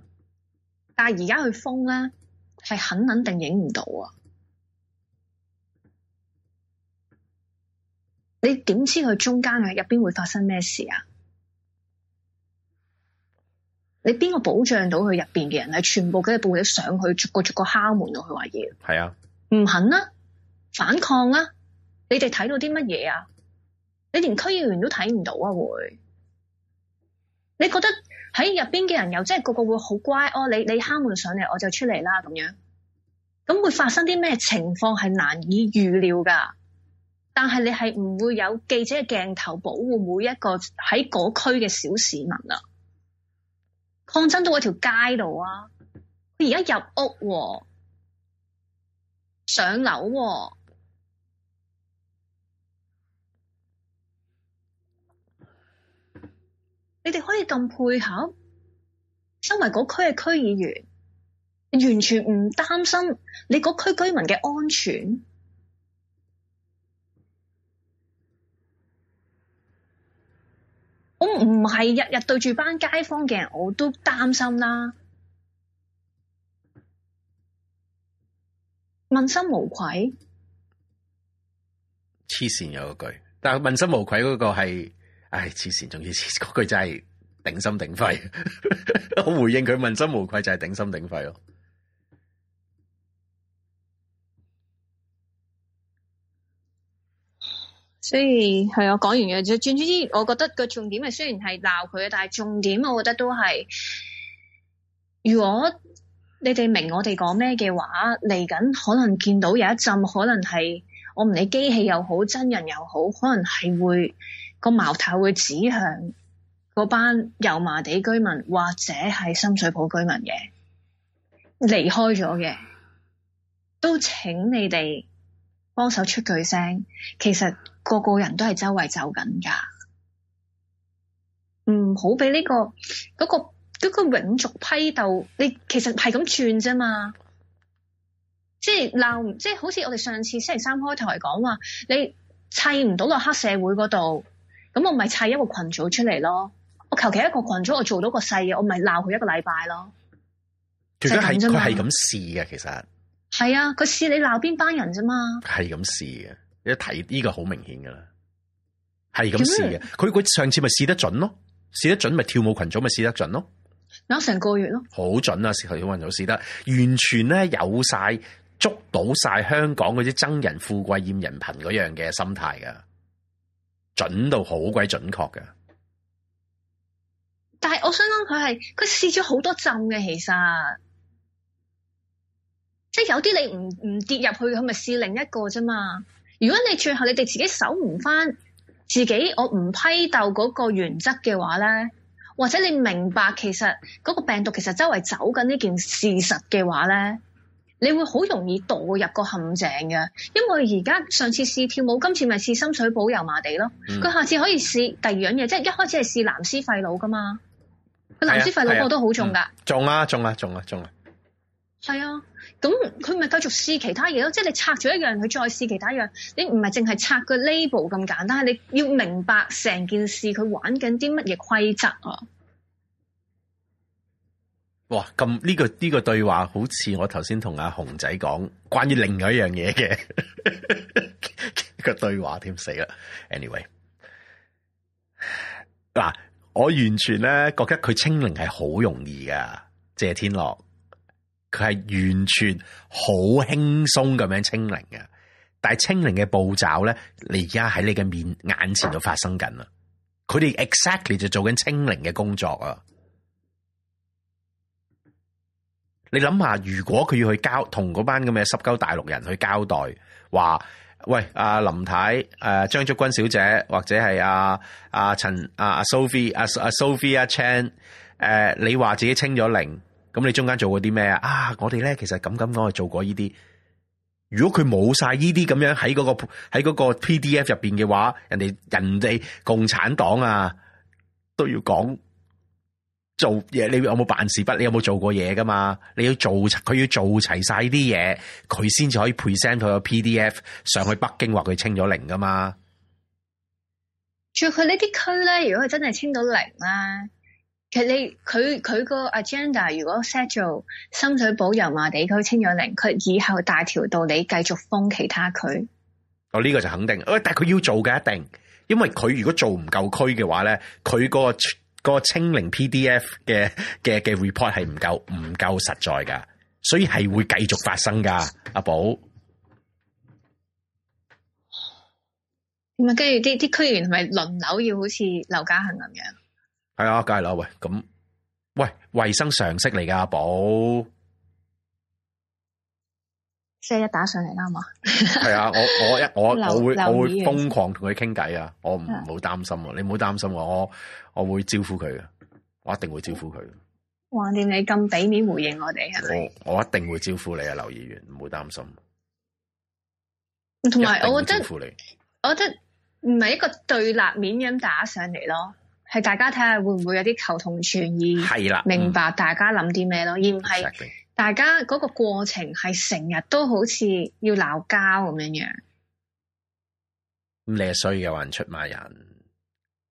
但，但係而家佢封咧，係肯肯定影唔到啊！你點知佢中間啊入邊會發生咩事啊？你邊個保障到佢入邊嘅人係全部嘅報咗上去逐個逐個敲門落去話要？係啊，唔肯啊，反抗啊！你哋睇到啲乜嘢啊？你連區議員都睇唔到啊！會你覺得喺入邊嘅人又即係個個會好乖哦？你你敲門上嚟，我就出嚟啦咁樣，咁會發生啲咩情況係難以預料噶？但係你係唔會有記者嘅鏡頭保護每一個喺嗰區嘅小市民啦，啊？抗爭到嗰條街度啊！佢而家入屋，啊、上樓、啊。你哋可以咁配合，身為嗰區嘅區議員，完全唔擔心你嗰區居民嘅安全。我唔係日日對住班街坊嘅人，我都擔心啦。問心無愧，黐線有一句，但係問心無愧嗰個係。唉、哎，黐線，仲要黐，嗰句真係頂心頂肺。我回應佢問心無愧，就係頂心頂肺咯。所以係啊，講完嘅，就轉之之。我覺得個重點係，雖然係鬧佢，但係重點，我覺得都係，如果你哋明我哋講咩嘅話，嚟緊可能見到有一陣，可能係我唔理機器又好，真人又好，可能係會。個矛頭會指向嗰班油麻地居民或者係深水埗居民嘅離開咗嘅，都請你哋幫手出句聲。其實個個人都係周圍走緊噶唔好俾呢個嗰個嗰個永續批鬥。你其實係咁轉啫嘛，即係鬧，即係好似我哋上次星期三開台講話，你砌唔到落黑社會嗰度。咁我咪砌一個群組出嚟咯，我求其一個群組，我做到個細嘅，我咪鬧佢一個禮拜咯。佢、其實、而係，係佢係咁試嘅，其實係啊，佢試你鬧邊班人啫嘛，係咁試嘅。一睇呢個好明顯噶啦，係咁試嘅。佢佢上次咪試得準咯，試得準咪、就是、跳舞群組咪試得準咯，扭成個月咯，好準啊！跳舞群組試得完全咧有晒捉到晒香港嗰啲憎人富貴厭人貧嗰樣嘅心態噶。準到好鬼準確嘅，但係我想講佢係佢試咗好多針嘅，其實即係有啲你唔唔跌入去，佢咪試另一個啫嘛。如果你最後你哋自己守唔翻自己，我唔批鬥嗰個原則嘅話咧，或者你明白其實嗰個病毒其實周圍走緊呢件事實嘅話咧。你會好容易墮入個陷阱嘅，因為而家上次試跳舞，今次咪試深水埗油麻地咯。佢、嗯、下次可以試第二樣嘢，即係一開始係試藍絲廢腦噶嘛。佢、嗯、藍絲廢腦我都好中噶、嗯。中啊、中啊、中啊、中啊。係啊，咁佢咪繼續試其他嘢咯？即係你拆咗一樣，佢再試其他一樣。你唔係淨係拆個 label 咁簡單，你要明白成件事佢玩緊啲乜嘢規則啊！哇！咁呢個呢個對話好似我頭先同阿熊仔講關於另外一樣嘢嘅個對話添，死啦。Anyway，嗱，我完全咧覺得佢清零係好容易㗎，謝天樂，佢係完全好輕鬆咁樣清零㗎。但係清零嘅步驟咧，你而家喺你嘅面眼前都發生緊啦。佢、啊、哋 exactly 就做緊清零嘅工作啊。你諗下，如果佢要去交同嗰班咁嘅濕鳩大陸人去交代，話喂，阿、啊、林太，誒、啊、張竹君小姐，或者係阿阿陳阿阿 Sophie 阿阿 Sophie 阿 Chan，誒，你話自己清咗零，咁你中間做過啲咩啊？啊，啊 Sophie, 啊 Chen, 啊那些啊我哋咧其實咁咁講，去做過呢啲。如果佢冇晒呢啲咁樣喺嗰個喺個 PDF 入邊嘅話，人哋人哋共產黨啊都要講。做嘢，你有冇辦事筆？你有冇做過嘢噶嘛？你要做佢要做齊晒啲嘢，佢先至可以 present 佢個 PDF 上去北京話佢清咗零噶嘛？仲佢呢啲區咧，如果佢真係清到零咧，其實佢佢個 agenda 如果 set 做深水埗油麻地區清咗零，佢以後大條道理繼續封其他區。哦，呢個就肯定，但係佢要做嘅一定，因為佢如果做唔夠區嘅話咧，佢個。那個清零 PDF 嘅嘅嘅 report 係唔夠唔夠實在噶，所以係會繼續發生噶。阿寶，咁啊，跟住啲啲區議員係咪輪流要好似劉家衡咁樣？係啊，梗係啦喂，咁喂，衛生常識嚟噶，阿寶。即係一打上嚟啱嘛？係 *laughs* 啊，我我一我我會我會瘋狂同佢傾偈啊！我唔好擔心啊，你唔好擔心我，我會我，會我，我，我會招呼佢嘅，我一定會招呼佢。橫掂你咁俾面回應我哋係咪？我我一定會招呼你啊，劉議員，唔好擔心。同埋，我覺得我覺得唔係一個對立面咁打上嚟咯，係大家睇下會唔會有啲求同存異，係啦，明白、嗯、大家諗啲咩咯，而唔係。Exactly. 大家嗰個過程係成日都好似要鬧交咁樣樣，咁你係衰嘅話人出賣人，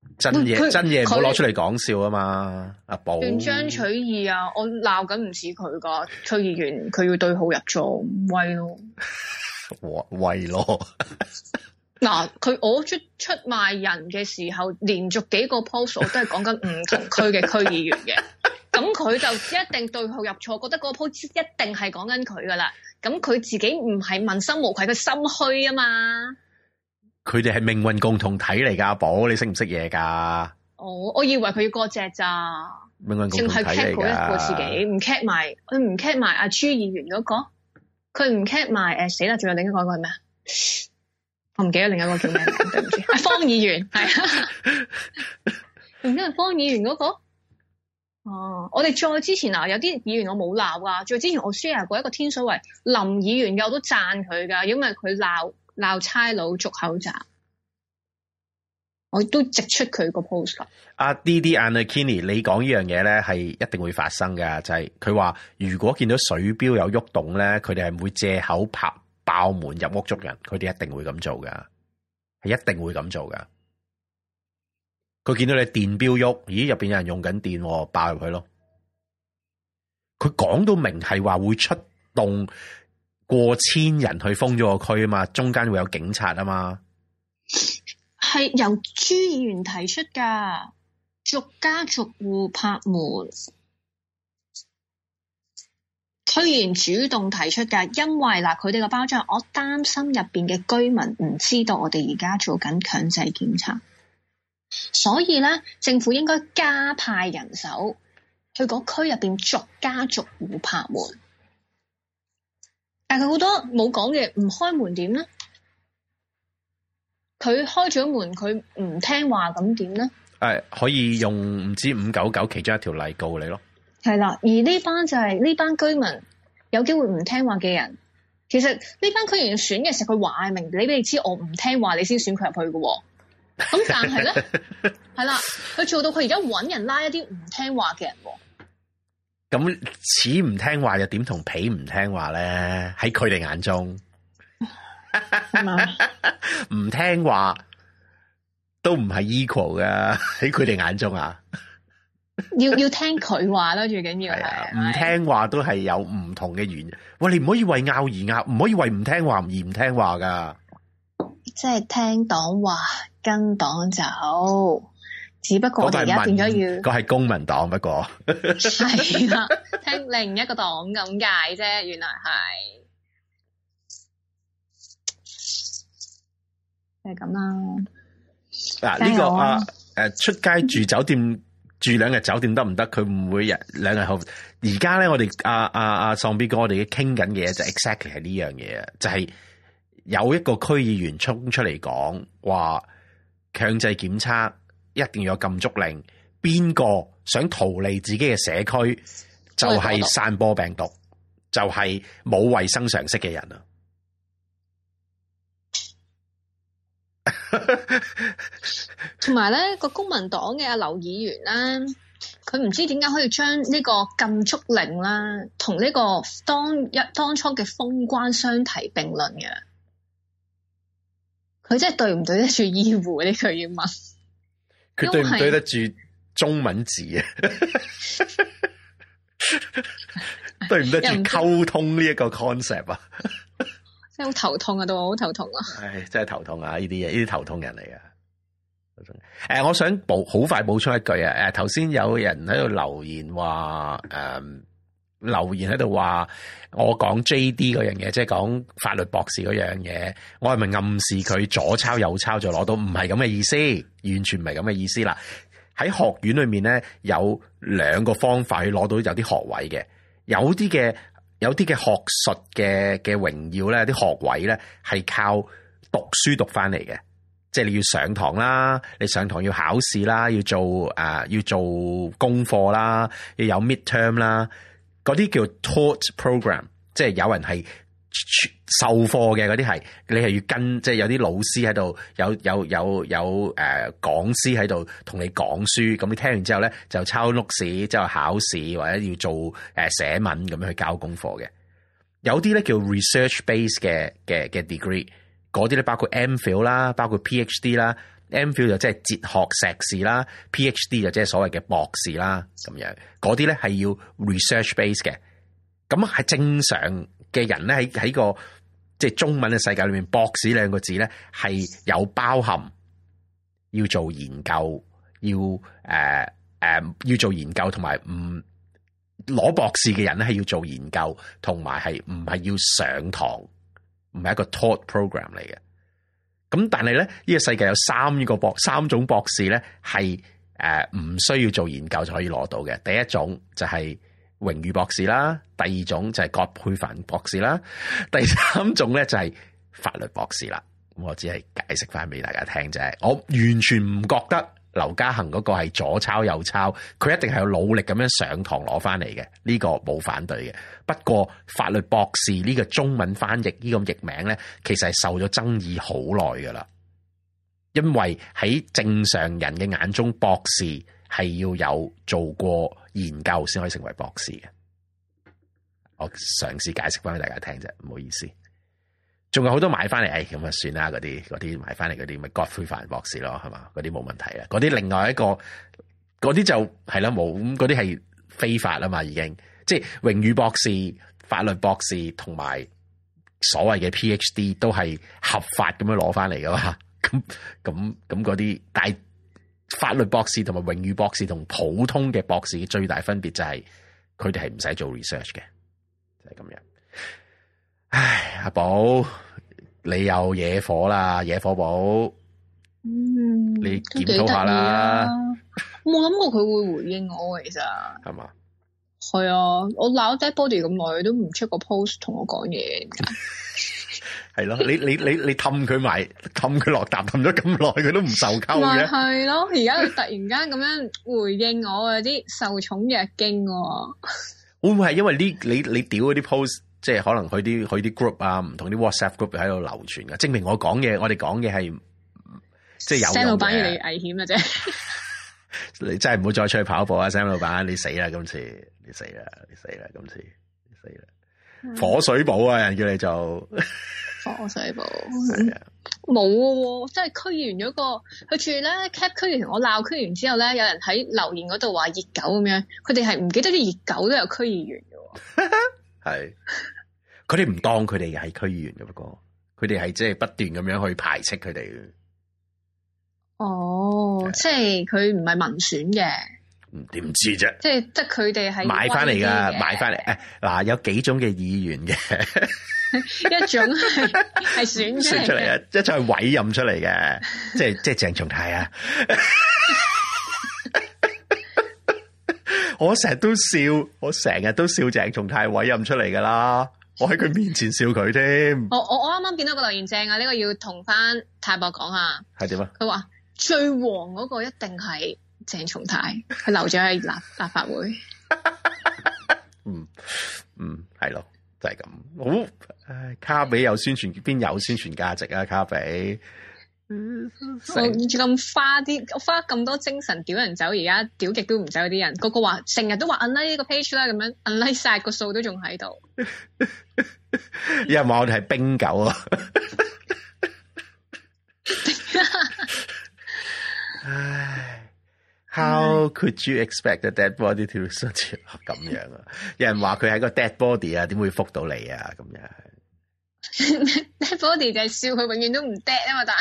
嗯、真嘢真嘢唔好攞出嚟講笑啊嘛！阿寶斷章取義啊，我鬧緊唔似佢噶區議員，佢要對號入座威咯，威咯嗱，佢、 *laughs* 啊、我出出賣人嘅時候，連續幾個 post 我都係講緊唔同區嘅區議員嘅。 *laughs* 咁佢就一定對號入錯， *laughs* 覺得嗰鋪一定係講緊佢噶啦。咁佢自己唔係問心無愧，佢心虛啊嘛。佢哋係命運共同體嚟噶，阿寶，你識唔識嘢噶？哦、oh，我以為佢要過隻咋？命運共同體嚟噶。淨係 cut 一個自己，唔 cut 埋佢，唔 cut 埋阿朱議員嗰、那個，佢唔 cut 埋誒，死、呃、啦！仲有另一個係咩啊？我唔記得另一個叫咩， *laughs* 對唔住。方議員係啊，唔知係方議員嗰、那個。哦、啊，我哋再之前啊，有啲議員我冇鬧啊。再之前我 share 過一個天水圍林議員嘅，我都讚佢噶，因為佢鬧鬧差佬捉口罩，我都直出佢個 post 啦。阿 D D and Kenny，你講呢樣嘢咧係一定會發生噶，就係佢話如果見到水錶有喐動咧，佢哋係唔會借口拍爆門入屋捉人，佢哋一定會咁做噶，係一定會咁做噶。佢見到你電錶喐，咦？入邊有人用緊電，我爆入去咯。佢講到明係話會出動過千人去封咗個區啊嘛，中間會有警察啊嘛，係由朱議員提出噶，逐家逐戶拍門，突然主動提出噶，因為嗱，佢哋個包裝，我擔心入邊嘅居民唔知道我哋而家做緊強制檢查。所以咧，政府應該加派人手去嗰區入邊逐家逐戶拍門。但係佢好多冇講嘅，唔開門點咧？佢開咗門，佢唔聽話咁點咧？誒可以用唔知五九九其中一條例告你咯。係啦，而呢班就係呢班居民有機會唔聽話嘅人。其實呢班區員選嘅時候，佢話明你俾你知，我唔聽話，你先選佢入去喎。咁但係咧，係 *laughs* 啦，佢做到佢而家搵人拉一啲唔聽話嘅人，哦。咁似唔聽話又點同皮唔聽話咧？喺佢哋眼中，唔 *laughs* 是嗎 *laughs* 聽， *laughs* 聽、， *laughs* 啊、聽話都唔係 equal 噶。喺佢哋眼中啊，要要聽佢話咯，最緊要唔聽話都係有唔同嘅原因。喂， *laughs* 你唔可以為拗而拗，唔可以為唔聽話而唔聽話噶，即、就、係、是、聽黨話。跟黨走，只不過我哋而家變咗要。那個係、那個、公民黨，不過係啦，聽另一個黨咁解啫，原來係，係咁啦。嗱、啊、呢、這個啊誒、啊啊，出街住酒店 *laughs* 住兩日酒店得唔得？佢唔會日兩日後。而家咧，我哋啊，啊，阿喪 B 哥我是、exactly 是，我哋傾緊嘅就 exactly 係呢樣嘢就係有一個區議員衝出嚟講話。強制檢測一定要有禁足令，邊個想逃離自己嘅社區就係、是、散播病毒，就係冇衛生常識嘅人啊！同埋咧，個公民黨嘅阿劉議員咧，佢唔知點解可以將呢個禁足令啦，同呢個當一當初嘅封關相提並論嘅。佢真係對唔對得住醫護呢句英文，佢對唔對得住中文字啊？ *laughs* *laughs* *laughs* *laughs* 又 *laughs* 對唔得住溝通呢一個 concept 啊，真係好頭痛啊，對我好頭痛啊，係真係頭痛啊！呢啲嘢，呢啲頭痛人嚟啊。誒，我想補好快補充一句啊，誒，頭先有人喺度留言話誒。嗯留言喺度話我講 J.D. 嗰樣嘢，即係講法律博士嗰樣嘢，我係咪暗示佢左抄右抄就攞到？唔係咁嘅意思，完全唔係咁嘅意思啦。喺學院裏面咧，有兩個方法去攞到有啲學位嘅，有啲嘅有啲嘅學術嘅嘅榮耀咧，啲學位咧係靠讀書讀翻嚟嘅，即係你要上堂啦，你上堂要考試啦，要做誒、呃、要做功課啦，要有 midterm 啦。嗰啲叫做 taught program，即係有人係授課嘅嗰啲係，你係要跟，即係有啲老師喺度，有有有有誒講師喺度同你講書，咁你聽完之後咧就抄碌 o 之後考試或者要做誒寫文咁樣去交功課嘅。有啲咧叫 research base 嘅嘅嘅 degree，嗰啲咧包括 M Phil 啦，包括 PhD 啦。MPhil 就即係哲學碩士啦，PhD 就即係所謂嘅博士啦，咁樣嗰啲咧係要 research base 嘅。咁係正常嘅人咧喺喺個即係中文嘅世界裏面，博士兩個字咧係有包含要做研究，要誒誒、呃呃、要做研究，同埋唔攞博士嘅人咧係要做研究，同埋係唔係要上堂，唔係一個 taught program 嚟嘅。咁但係咧，呢、這個世界有三個博、三種博士咧，係誒唔需要做研究就可以攞到嘅。第一種就係榮譽博士啦，第二種就係郭佩凡博士啦，第三種咧就係法律博士啦。咁我只係解釋翻俾大家聽啫，我完全唔覺得。劉家衡嗰個係左抄右抄，佢一定係要努力咁樣上堂攞翻嚟嘅，呢個冇反對嘅。不過法律博士呢個中文翻譯呢個譯名呢，其實係受咗爭議好耐噶啦。因為喺正常人嘅眼中，博士係要有做過研究先可以成為博士嘅。我嘗試解釋翻俾大家聽啫，唔好意思。仲有好多買翻嚟，誒咁，啊，算啦，嗰啲嗰啲買翻嚟嗰啲咪國非法博士咯，係嘛？嗰啲冇問題啦，嗰啲另外一個，嗰啲就係啦冇，咁，嗰啲係非法啦嘛，已經即係榮譽博士、法律博士同埋所謂嘅 PhD 都係合法咁樣攞翻嚟噶嘛？咁咁咁嗰啲，但法律博士同埋榮譽博士同普通嘅博士最大分別就係佢哋係唔使做 research 嘅，就係咁樣。唉，阿寶，你又惹火啦，惹火寶，嗯，你檢討下啦。我冇諗過佢會回應我，其實係嘛？係啊，我鬧咗 body 咁耐，都唔出 h 個 post 同我講嘢，係咯？你你你你氹佢埋，氹佢落搭，氹咗咁耐，佢都唔受溝。咪係咯？而家佢突然間咁樣回應我，有 *laughs* 啲受寵若驚。會唔會係因為呢？你你屌嗰啲 post？即係可能佢啲佢啲 group 啊，唔同啲 WhatsApp group 喺度流傳㗎。證明我講嘢，我哋講嘢係即係有。Sam 老闆，你越嚟越危險啊！啫，你真係唔好再出去跑步啊！Sam *laughs* 老闆，你死啦！今次你死啦！你死啦！今次你死啦，嗯！火水寶啊！人叫你做火水寶，冇 *laughs* 啊，啊！即係區議員嗰個，佢住咧 Cap 區議員，完我鬧區議員完之後咧，有人喺留言嗰度話熱狗咁樣，佢哋係唔記得啲熱狗都有區議員喎。 *laughs* 係，佢哋唔當佢哋係區議員嘅，不過佢哋係即係不斷咁樣去排斥佢哋。哦，即係佢唔係民選嘅，唔點知啫。即係得佢哋係買翻嚟噶，買翻嚟。誒，嗱、啊，有幾種嘅議員嘅 *laughs* ，一種係係選出嚟啊，一種係委任出嚟嘅， *laughs* 即係即係鄭松泰啊。 *laughs* 我成日都笑，我成日都笑鄭松泰委任出嚟㗎啦，我喺佢面前笑佢添。我我我啱啱見到個留言正啊，呢、這個要同翻泰博講啊。係點啊？佢話最黃嗰個一定係鄭松泰，佢留咗喺立立法會。嗯 *laughs* *laughs* 嗯，係、嗯、咯，就係、是、咁好。唉，卡比有宣傳邊有宣傳價值啊，卡比。我住咁花啲，我花咁多精神屌人走，而家屌極都唔走啲人。個個話成日都話 unlike 呢個 page 啦，咁樣 unlike 晒個數都仲喺度。有人話我哋係冰狗啊！唉，How could you expect a dead body to search 咁樣啊？有人話佢係個 dead body 啊？點會覆到你啊？咁樣。body、 *laughs* 啊 uh, 啊啊、就係笑佢永遠都唔 dead 啊嘛，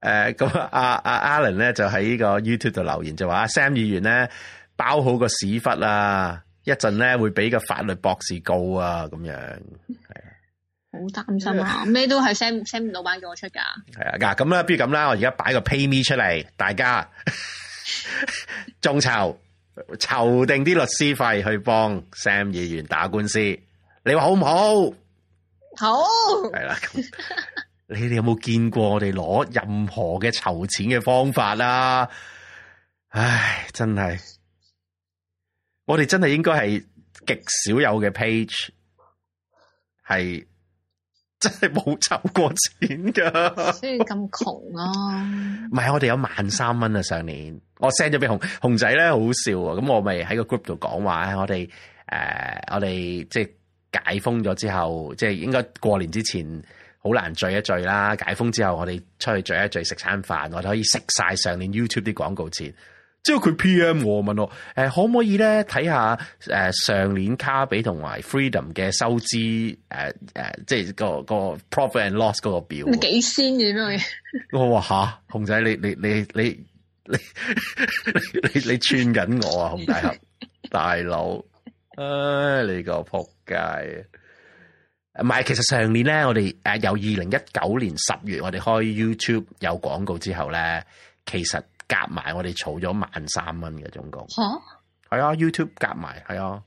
但係誒，咁阿阿 Allen 咧就喺呢個 YouTube 度留言就話阿 Sam 議員咧包好個屎忽啦，一陣咧會俾個法律博士告啊，咁樣係啊，好擔心啊，咩 *laughs* 都係 Sam *laughs* Sam 老闆叫我出噶，係啊嗱，咁啦，不如咁啦，我而家擺個 Pay Me 出嚟，大家眾籌籌定啲律師費去幫 Sam 議員打官司，你話好唔好？好係啦， *laughs* 你哋有冇見過我哋攞任何嘅籌錢嘅方法啊？唉，真係我哋真係應該係極少有嘅 page，係真係冇籌過錢噶，所以咁窮啊！唔 *laughs* 係，我哋有萬三蚊啊！上年我 send 咗俾熊熊仔咧，好笑啊、哦！咁我咪喺個 group 度講話我哋誒，我哋、呃、即係。解封咗之後，即係應該過年之前好難聚一聚啦。解封之後，我哋出去聚一聚，食餐飯，我哋可以食晒上年 YouTube 啲廣告錢。之後佢 PM 我問我：誒，可唔可以咧睇下誒上年卡比同埋 Freedom 嘅收支誒誒、啊啊，即係、嗰個、嗰個 profit and loss 嗰個表。幾仙嘅咩？我話吓，熊 *laughs* 仔你你你你你你你串緊我啊，熊 *laughs* 大俠大佬！誒，你個仆街！唔係，其實上年咧，我哋誒由二零一九年十月我哋開 YouTube 有廣告之後咧，其實夾埋我哋儲咗萬三蚊嘅總共。吓，係啊，YouTube 夾埋係啊，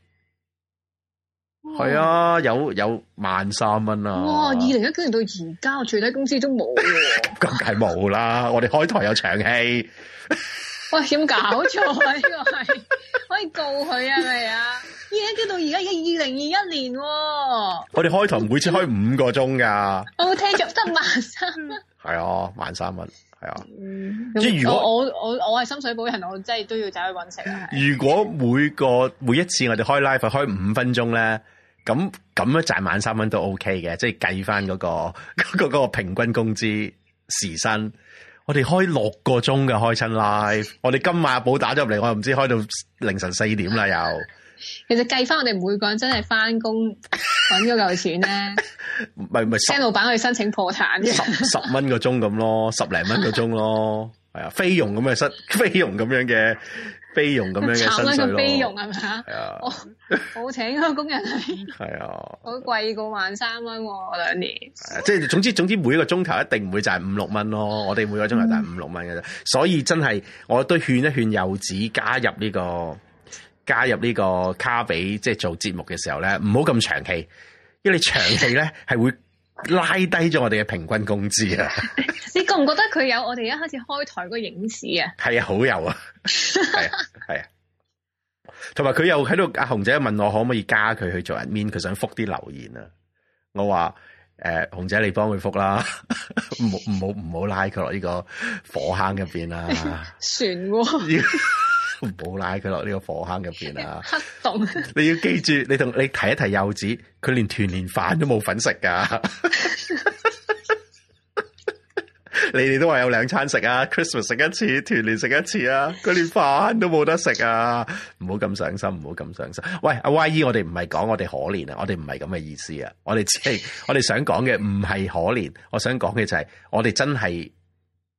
係啊，有有萬三蚊啊！哇，二零一九年到而家最低工資都冇、啊，咁梗係冇啦。我哋開台有長戲喂，點搞錯呢 *laughs* 個係可以告佢啊！是到而家已經二零二一年、哦，我哋開台每次開五個鐘噶，我冇聽着得萬三，係啊，萬三蚊，係啊，即係如果我我我係深水埗人，我真係都要走去搵食。如果每個 *laughs* 每一次我哋開 live 開五分鐘咧，咁咁樣賺萬三蚊都 OK 嘅，即係計翻嗰個、嗰個、嗰個嗰個平均工資時薪。我哋開六個鐘嘅開親 live，我哋今晚阿寶打咗入嚟，我又唔知道開到凌晨四點啦又。其實計翻我哋每個人真係翻工搵咗嚿錢咧，唔係唔係，請老闆去申請破產嘅十十蚊個鐘咁咯，十零蚊個鐘咯，係啊，菲傭咁嘅薪，菲傭咁樣嘅菲傭咁樣嘅薪水咯。炒菲傭係咪啊？我請個工人係啊，好 *laughs* 貴 *laughs* *laughs* *laughs* *laughs* *laughs* 很貴過萬三蚊兩年。即 *laughs* 係 *laughs* 總之總之每一個鐘頭一定唔會就係五六蚊咯， *laughs* 我哋每個鐘頭就係五六蚊嘅， *laughs* 所以真係我都勸一勸柚子加入呢、這個。加入呢個卡比即係做節目嘅時候咧，唔好咁長期，因為你長期咧係會拉低咗我哋嘅平均工資啊！你覺唔覺得佢有我哋一開始開台嗰個影視啊？係啊，好有啊，係啊，同埋佢又喺度，阿紅仔問我可唔可以加佢去做 admin，佢想複啲留言啊！我話誒，紅仔你幫佢複啦，唔好唔好唔好拉佢落呢個火坑入邊啦， *laughs* 船窩。 *laughs* 唔好拉佢落呢個火坑入邊啊！黑洞，你要記住，你同你提一提柚子，佢連團年飯都冇份食噶。你哋都話 *laughs* *laughs* 有兩餐食啊，Christmas 食一次，團年食一次啊，佢連飯都冇得食啊！唔好咁上心，唔好咁上心。喂，阿 Y E，我哋唔係講我哋可憐啊，我哋唔係咁嘅意思啊，我哋只係我哋想講嘅唔係可憐，我想講嘅就係、是、我哋真係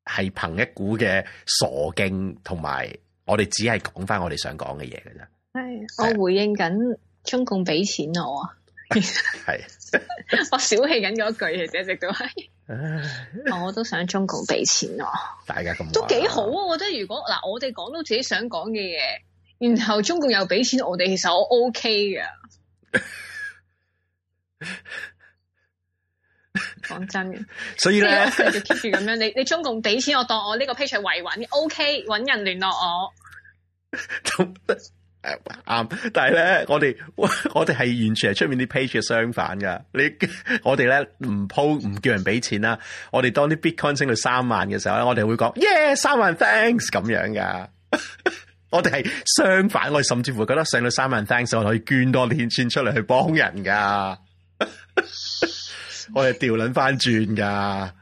係憑一股嘅傻勁同埋。我哋只係講翻我哋想講嘅嘢嘅啫。係我回應緊中，中共俾錢我，係、啊、 *laughs* 我小氣緊嗰一句嘢，一直都係。我都想中共俾錢我，大家咁都幾好啊，啊！我覺得如果嗱，我哋講到自己想講嘅嘢，然後中共又俾錢我哋，其實我 OK 噶。講 *laughs* 真嘅，所以咧就 keep 住咁樣，你你中共俾錢我，當我呢個 page 維穩，OK，搵人聯絡我。啱， *laughs* 但係咧，我哋我哋係完全係出面啲 page 嘅相反噶。你我哋咧唔 po 唔叫人俾錢啦。我哋當啲 bitcoin 升到三萬嘅時候咧，我哋會講 yes 三萬 thanks 咁樣噶。 *laughs* 我哋係相反，我甚至乎覺得升到三萬 thanks，我可以捐多啲錢出嚟去幫人噶。 *laughs* 我哋調捻翻轉噶。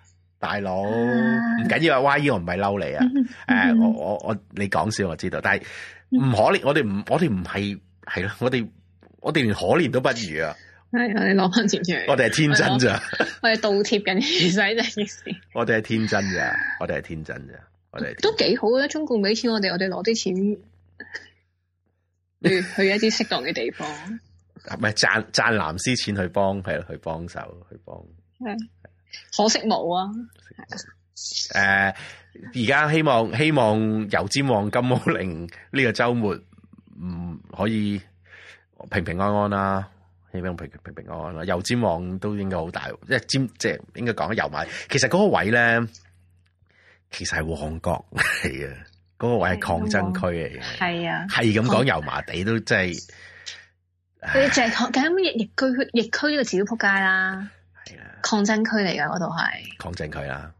大佬唔緊要啊，Y E、啊、我唔係嬲你啊，誒、嗯嗯、我我我你講笑我知道，但係唔可憐，我哋唔我哋唔係係啦我哋我哋連可憐都不如啊！係我哋攞翻錢出嚟，我哋係天真咋，我哋倒貼緊耳仔我哋係 *laughs* 天真咋，我哋係天真咋，我哋都幾好啊！中共俾錢我哋，我哋攞啲錢去一啲適當嘅地方，係 *laughs* 咪？賺賺藍絲錢去幫係去幫手去幫。去幫可惜冇啊！誒、啊，而家希望希望油尖旺禁足令呢個周末唔可以平平安安啦、啊，希望平平平安安啦、啊。油尖旺都應該好大，即係尖即係應該講油麻地。其實嗰個位咧，其實係旺角嚟嘅， *laughs* 係啊，嗰個位係抗爭區嚟嘅，係啊，係咁講油麻地都真係。佢就係咁疫疫區，疫區呢個詞都撲街啦。抗爭區嚟噶，嗰度係抗爭區啦。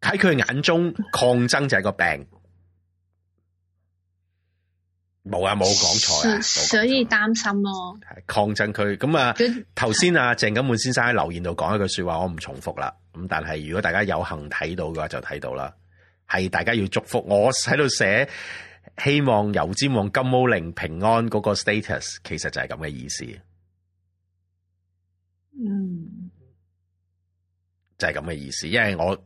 喺佢眼中，抗爭就係個病，冇啊，冇講錯，所以擔心咯。抗爭區咁啊，頭先阿鄭錦滿先生喺留言度講一句說話，我唔重複啦。咁但係如果大家有幸睇到嘅話就到，就睇到啦。係大家要祝福我喺度寫，希望油尖旺金毛玲平安嗰個 status，其實就係咁嘅意思。嗯，就係咁嘅意思，因為我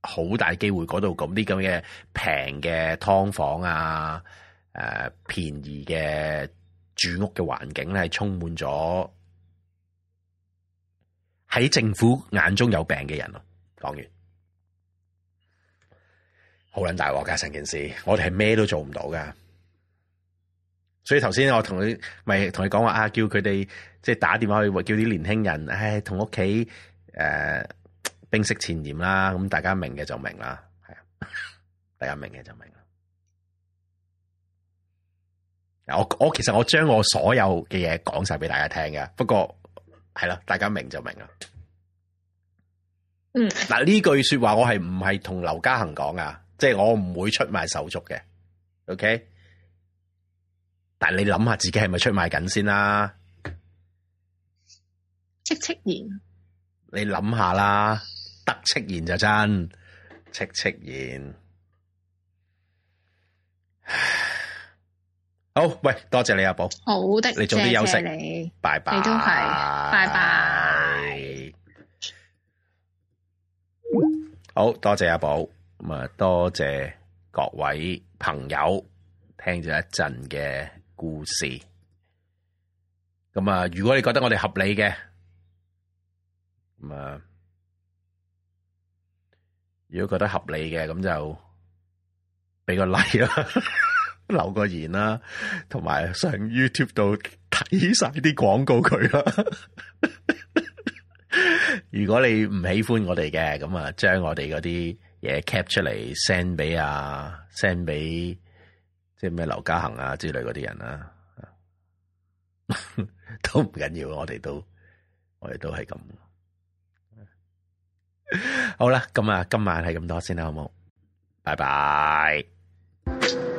好大機會嗰度咁啲咁嘅平嘅劏房啊，誒、啊，便宜嘅住屋嘅環境呢係充滿咗喺政府眼中有病嘅人啊。講完好捻大鑊噶，成件事，我哋係咩都做唔到㗎。所以頭先我同你咪同你講話啊，叫佢哋即係打電話去叫啲年輕人，唉，同屋企誒冰釋前嫌啦。咁大家明嘅就明啦，係啊，大家明嘅就明啦。我我其實我將我所有嘅嘢講晒俾大家聽嘅，不過係啦，大家明就明啦。嗯，嗱，呢句說話我係唔係同劉家衡講啊？即係我唔會出賣手足嘅，OK。但係你諗下自己係咪出賣緊先啦？戚戚然，你諗下啦，得戚然就真戚戚然。好，喂，多謝你阿、啊、寶，好的，你早啲休息，謝謝，拜拜，你都係，拜拜。好多謝阿寶，咁啊，多謝各位朋友聽咗一陣嘅。故事咁啊！如果你覺得我哋合理嘅，咁啊，如果覺得合理嘅，咁就俾個例、like、啦、啊， *laughs* 留個言啦、啊，同埋上 YouTube 度睇晒啲廣告佢啦、啊。 *laughs* 如果你唔喜歡我哋嘅，咁啊，將我哋嗰啲嘢 cap 出嚟 send 俾啊，send 俾。即係咩劉家衡啊之類嗰啲人啊，都唔緊要，我哋都我哋都係咁。好啦，咁啊今晚係咁多先啦，好唔好？拜拜。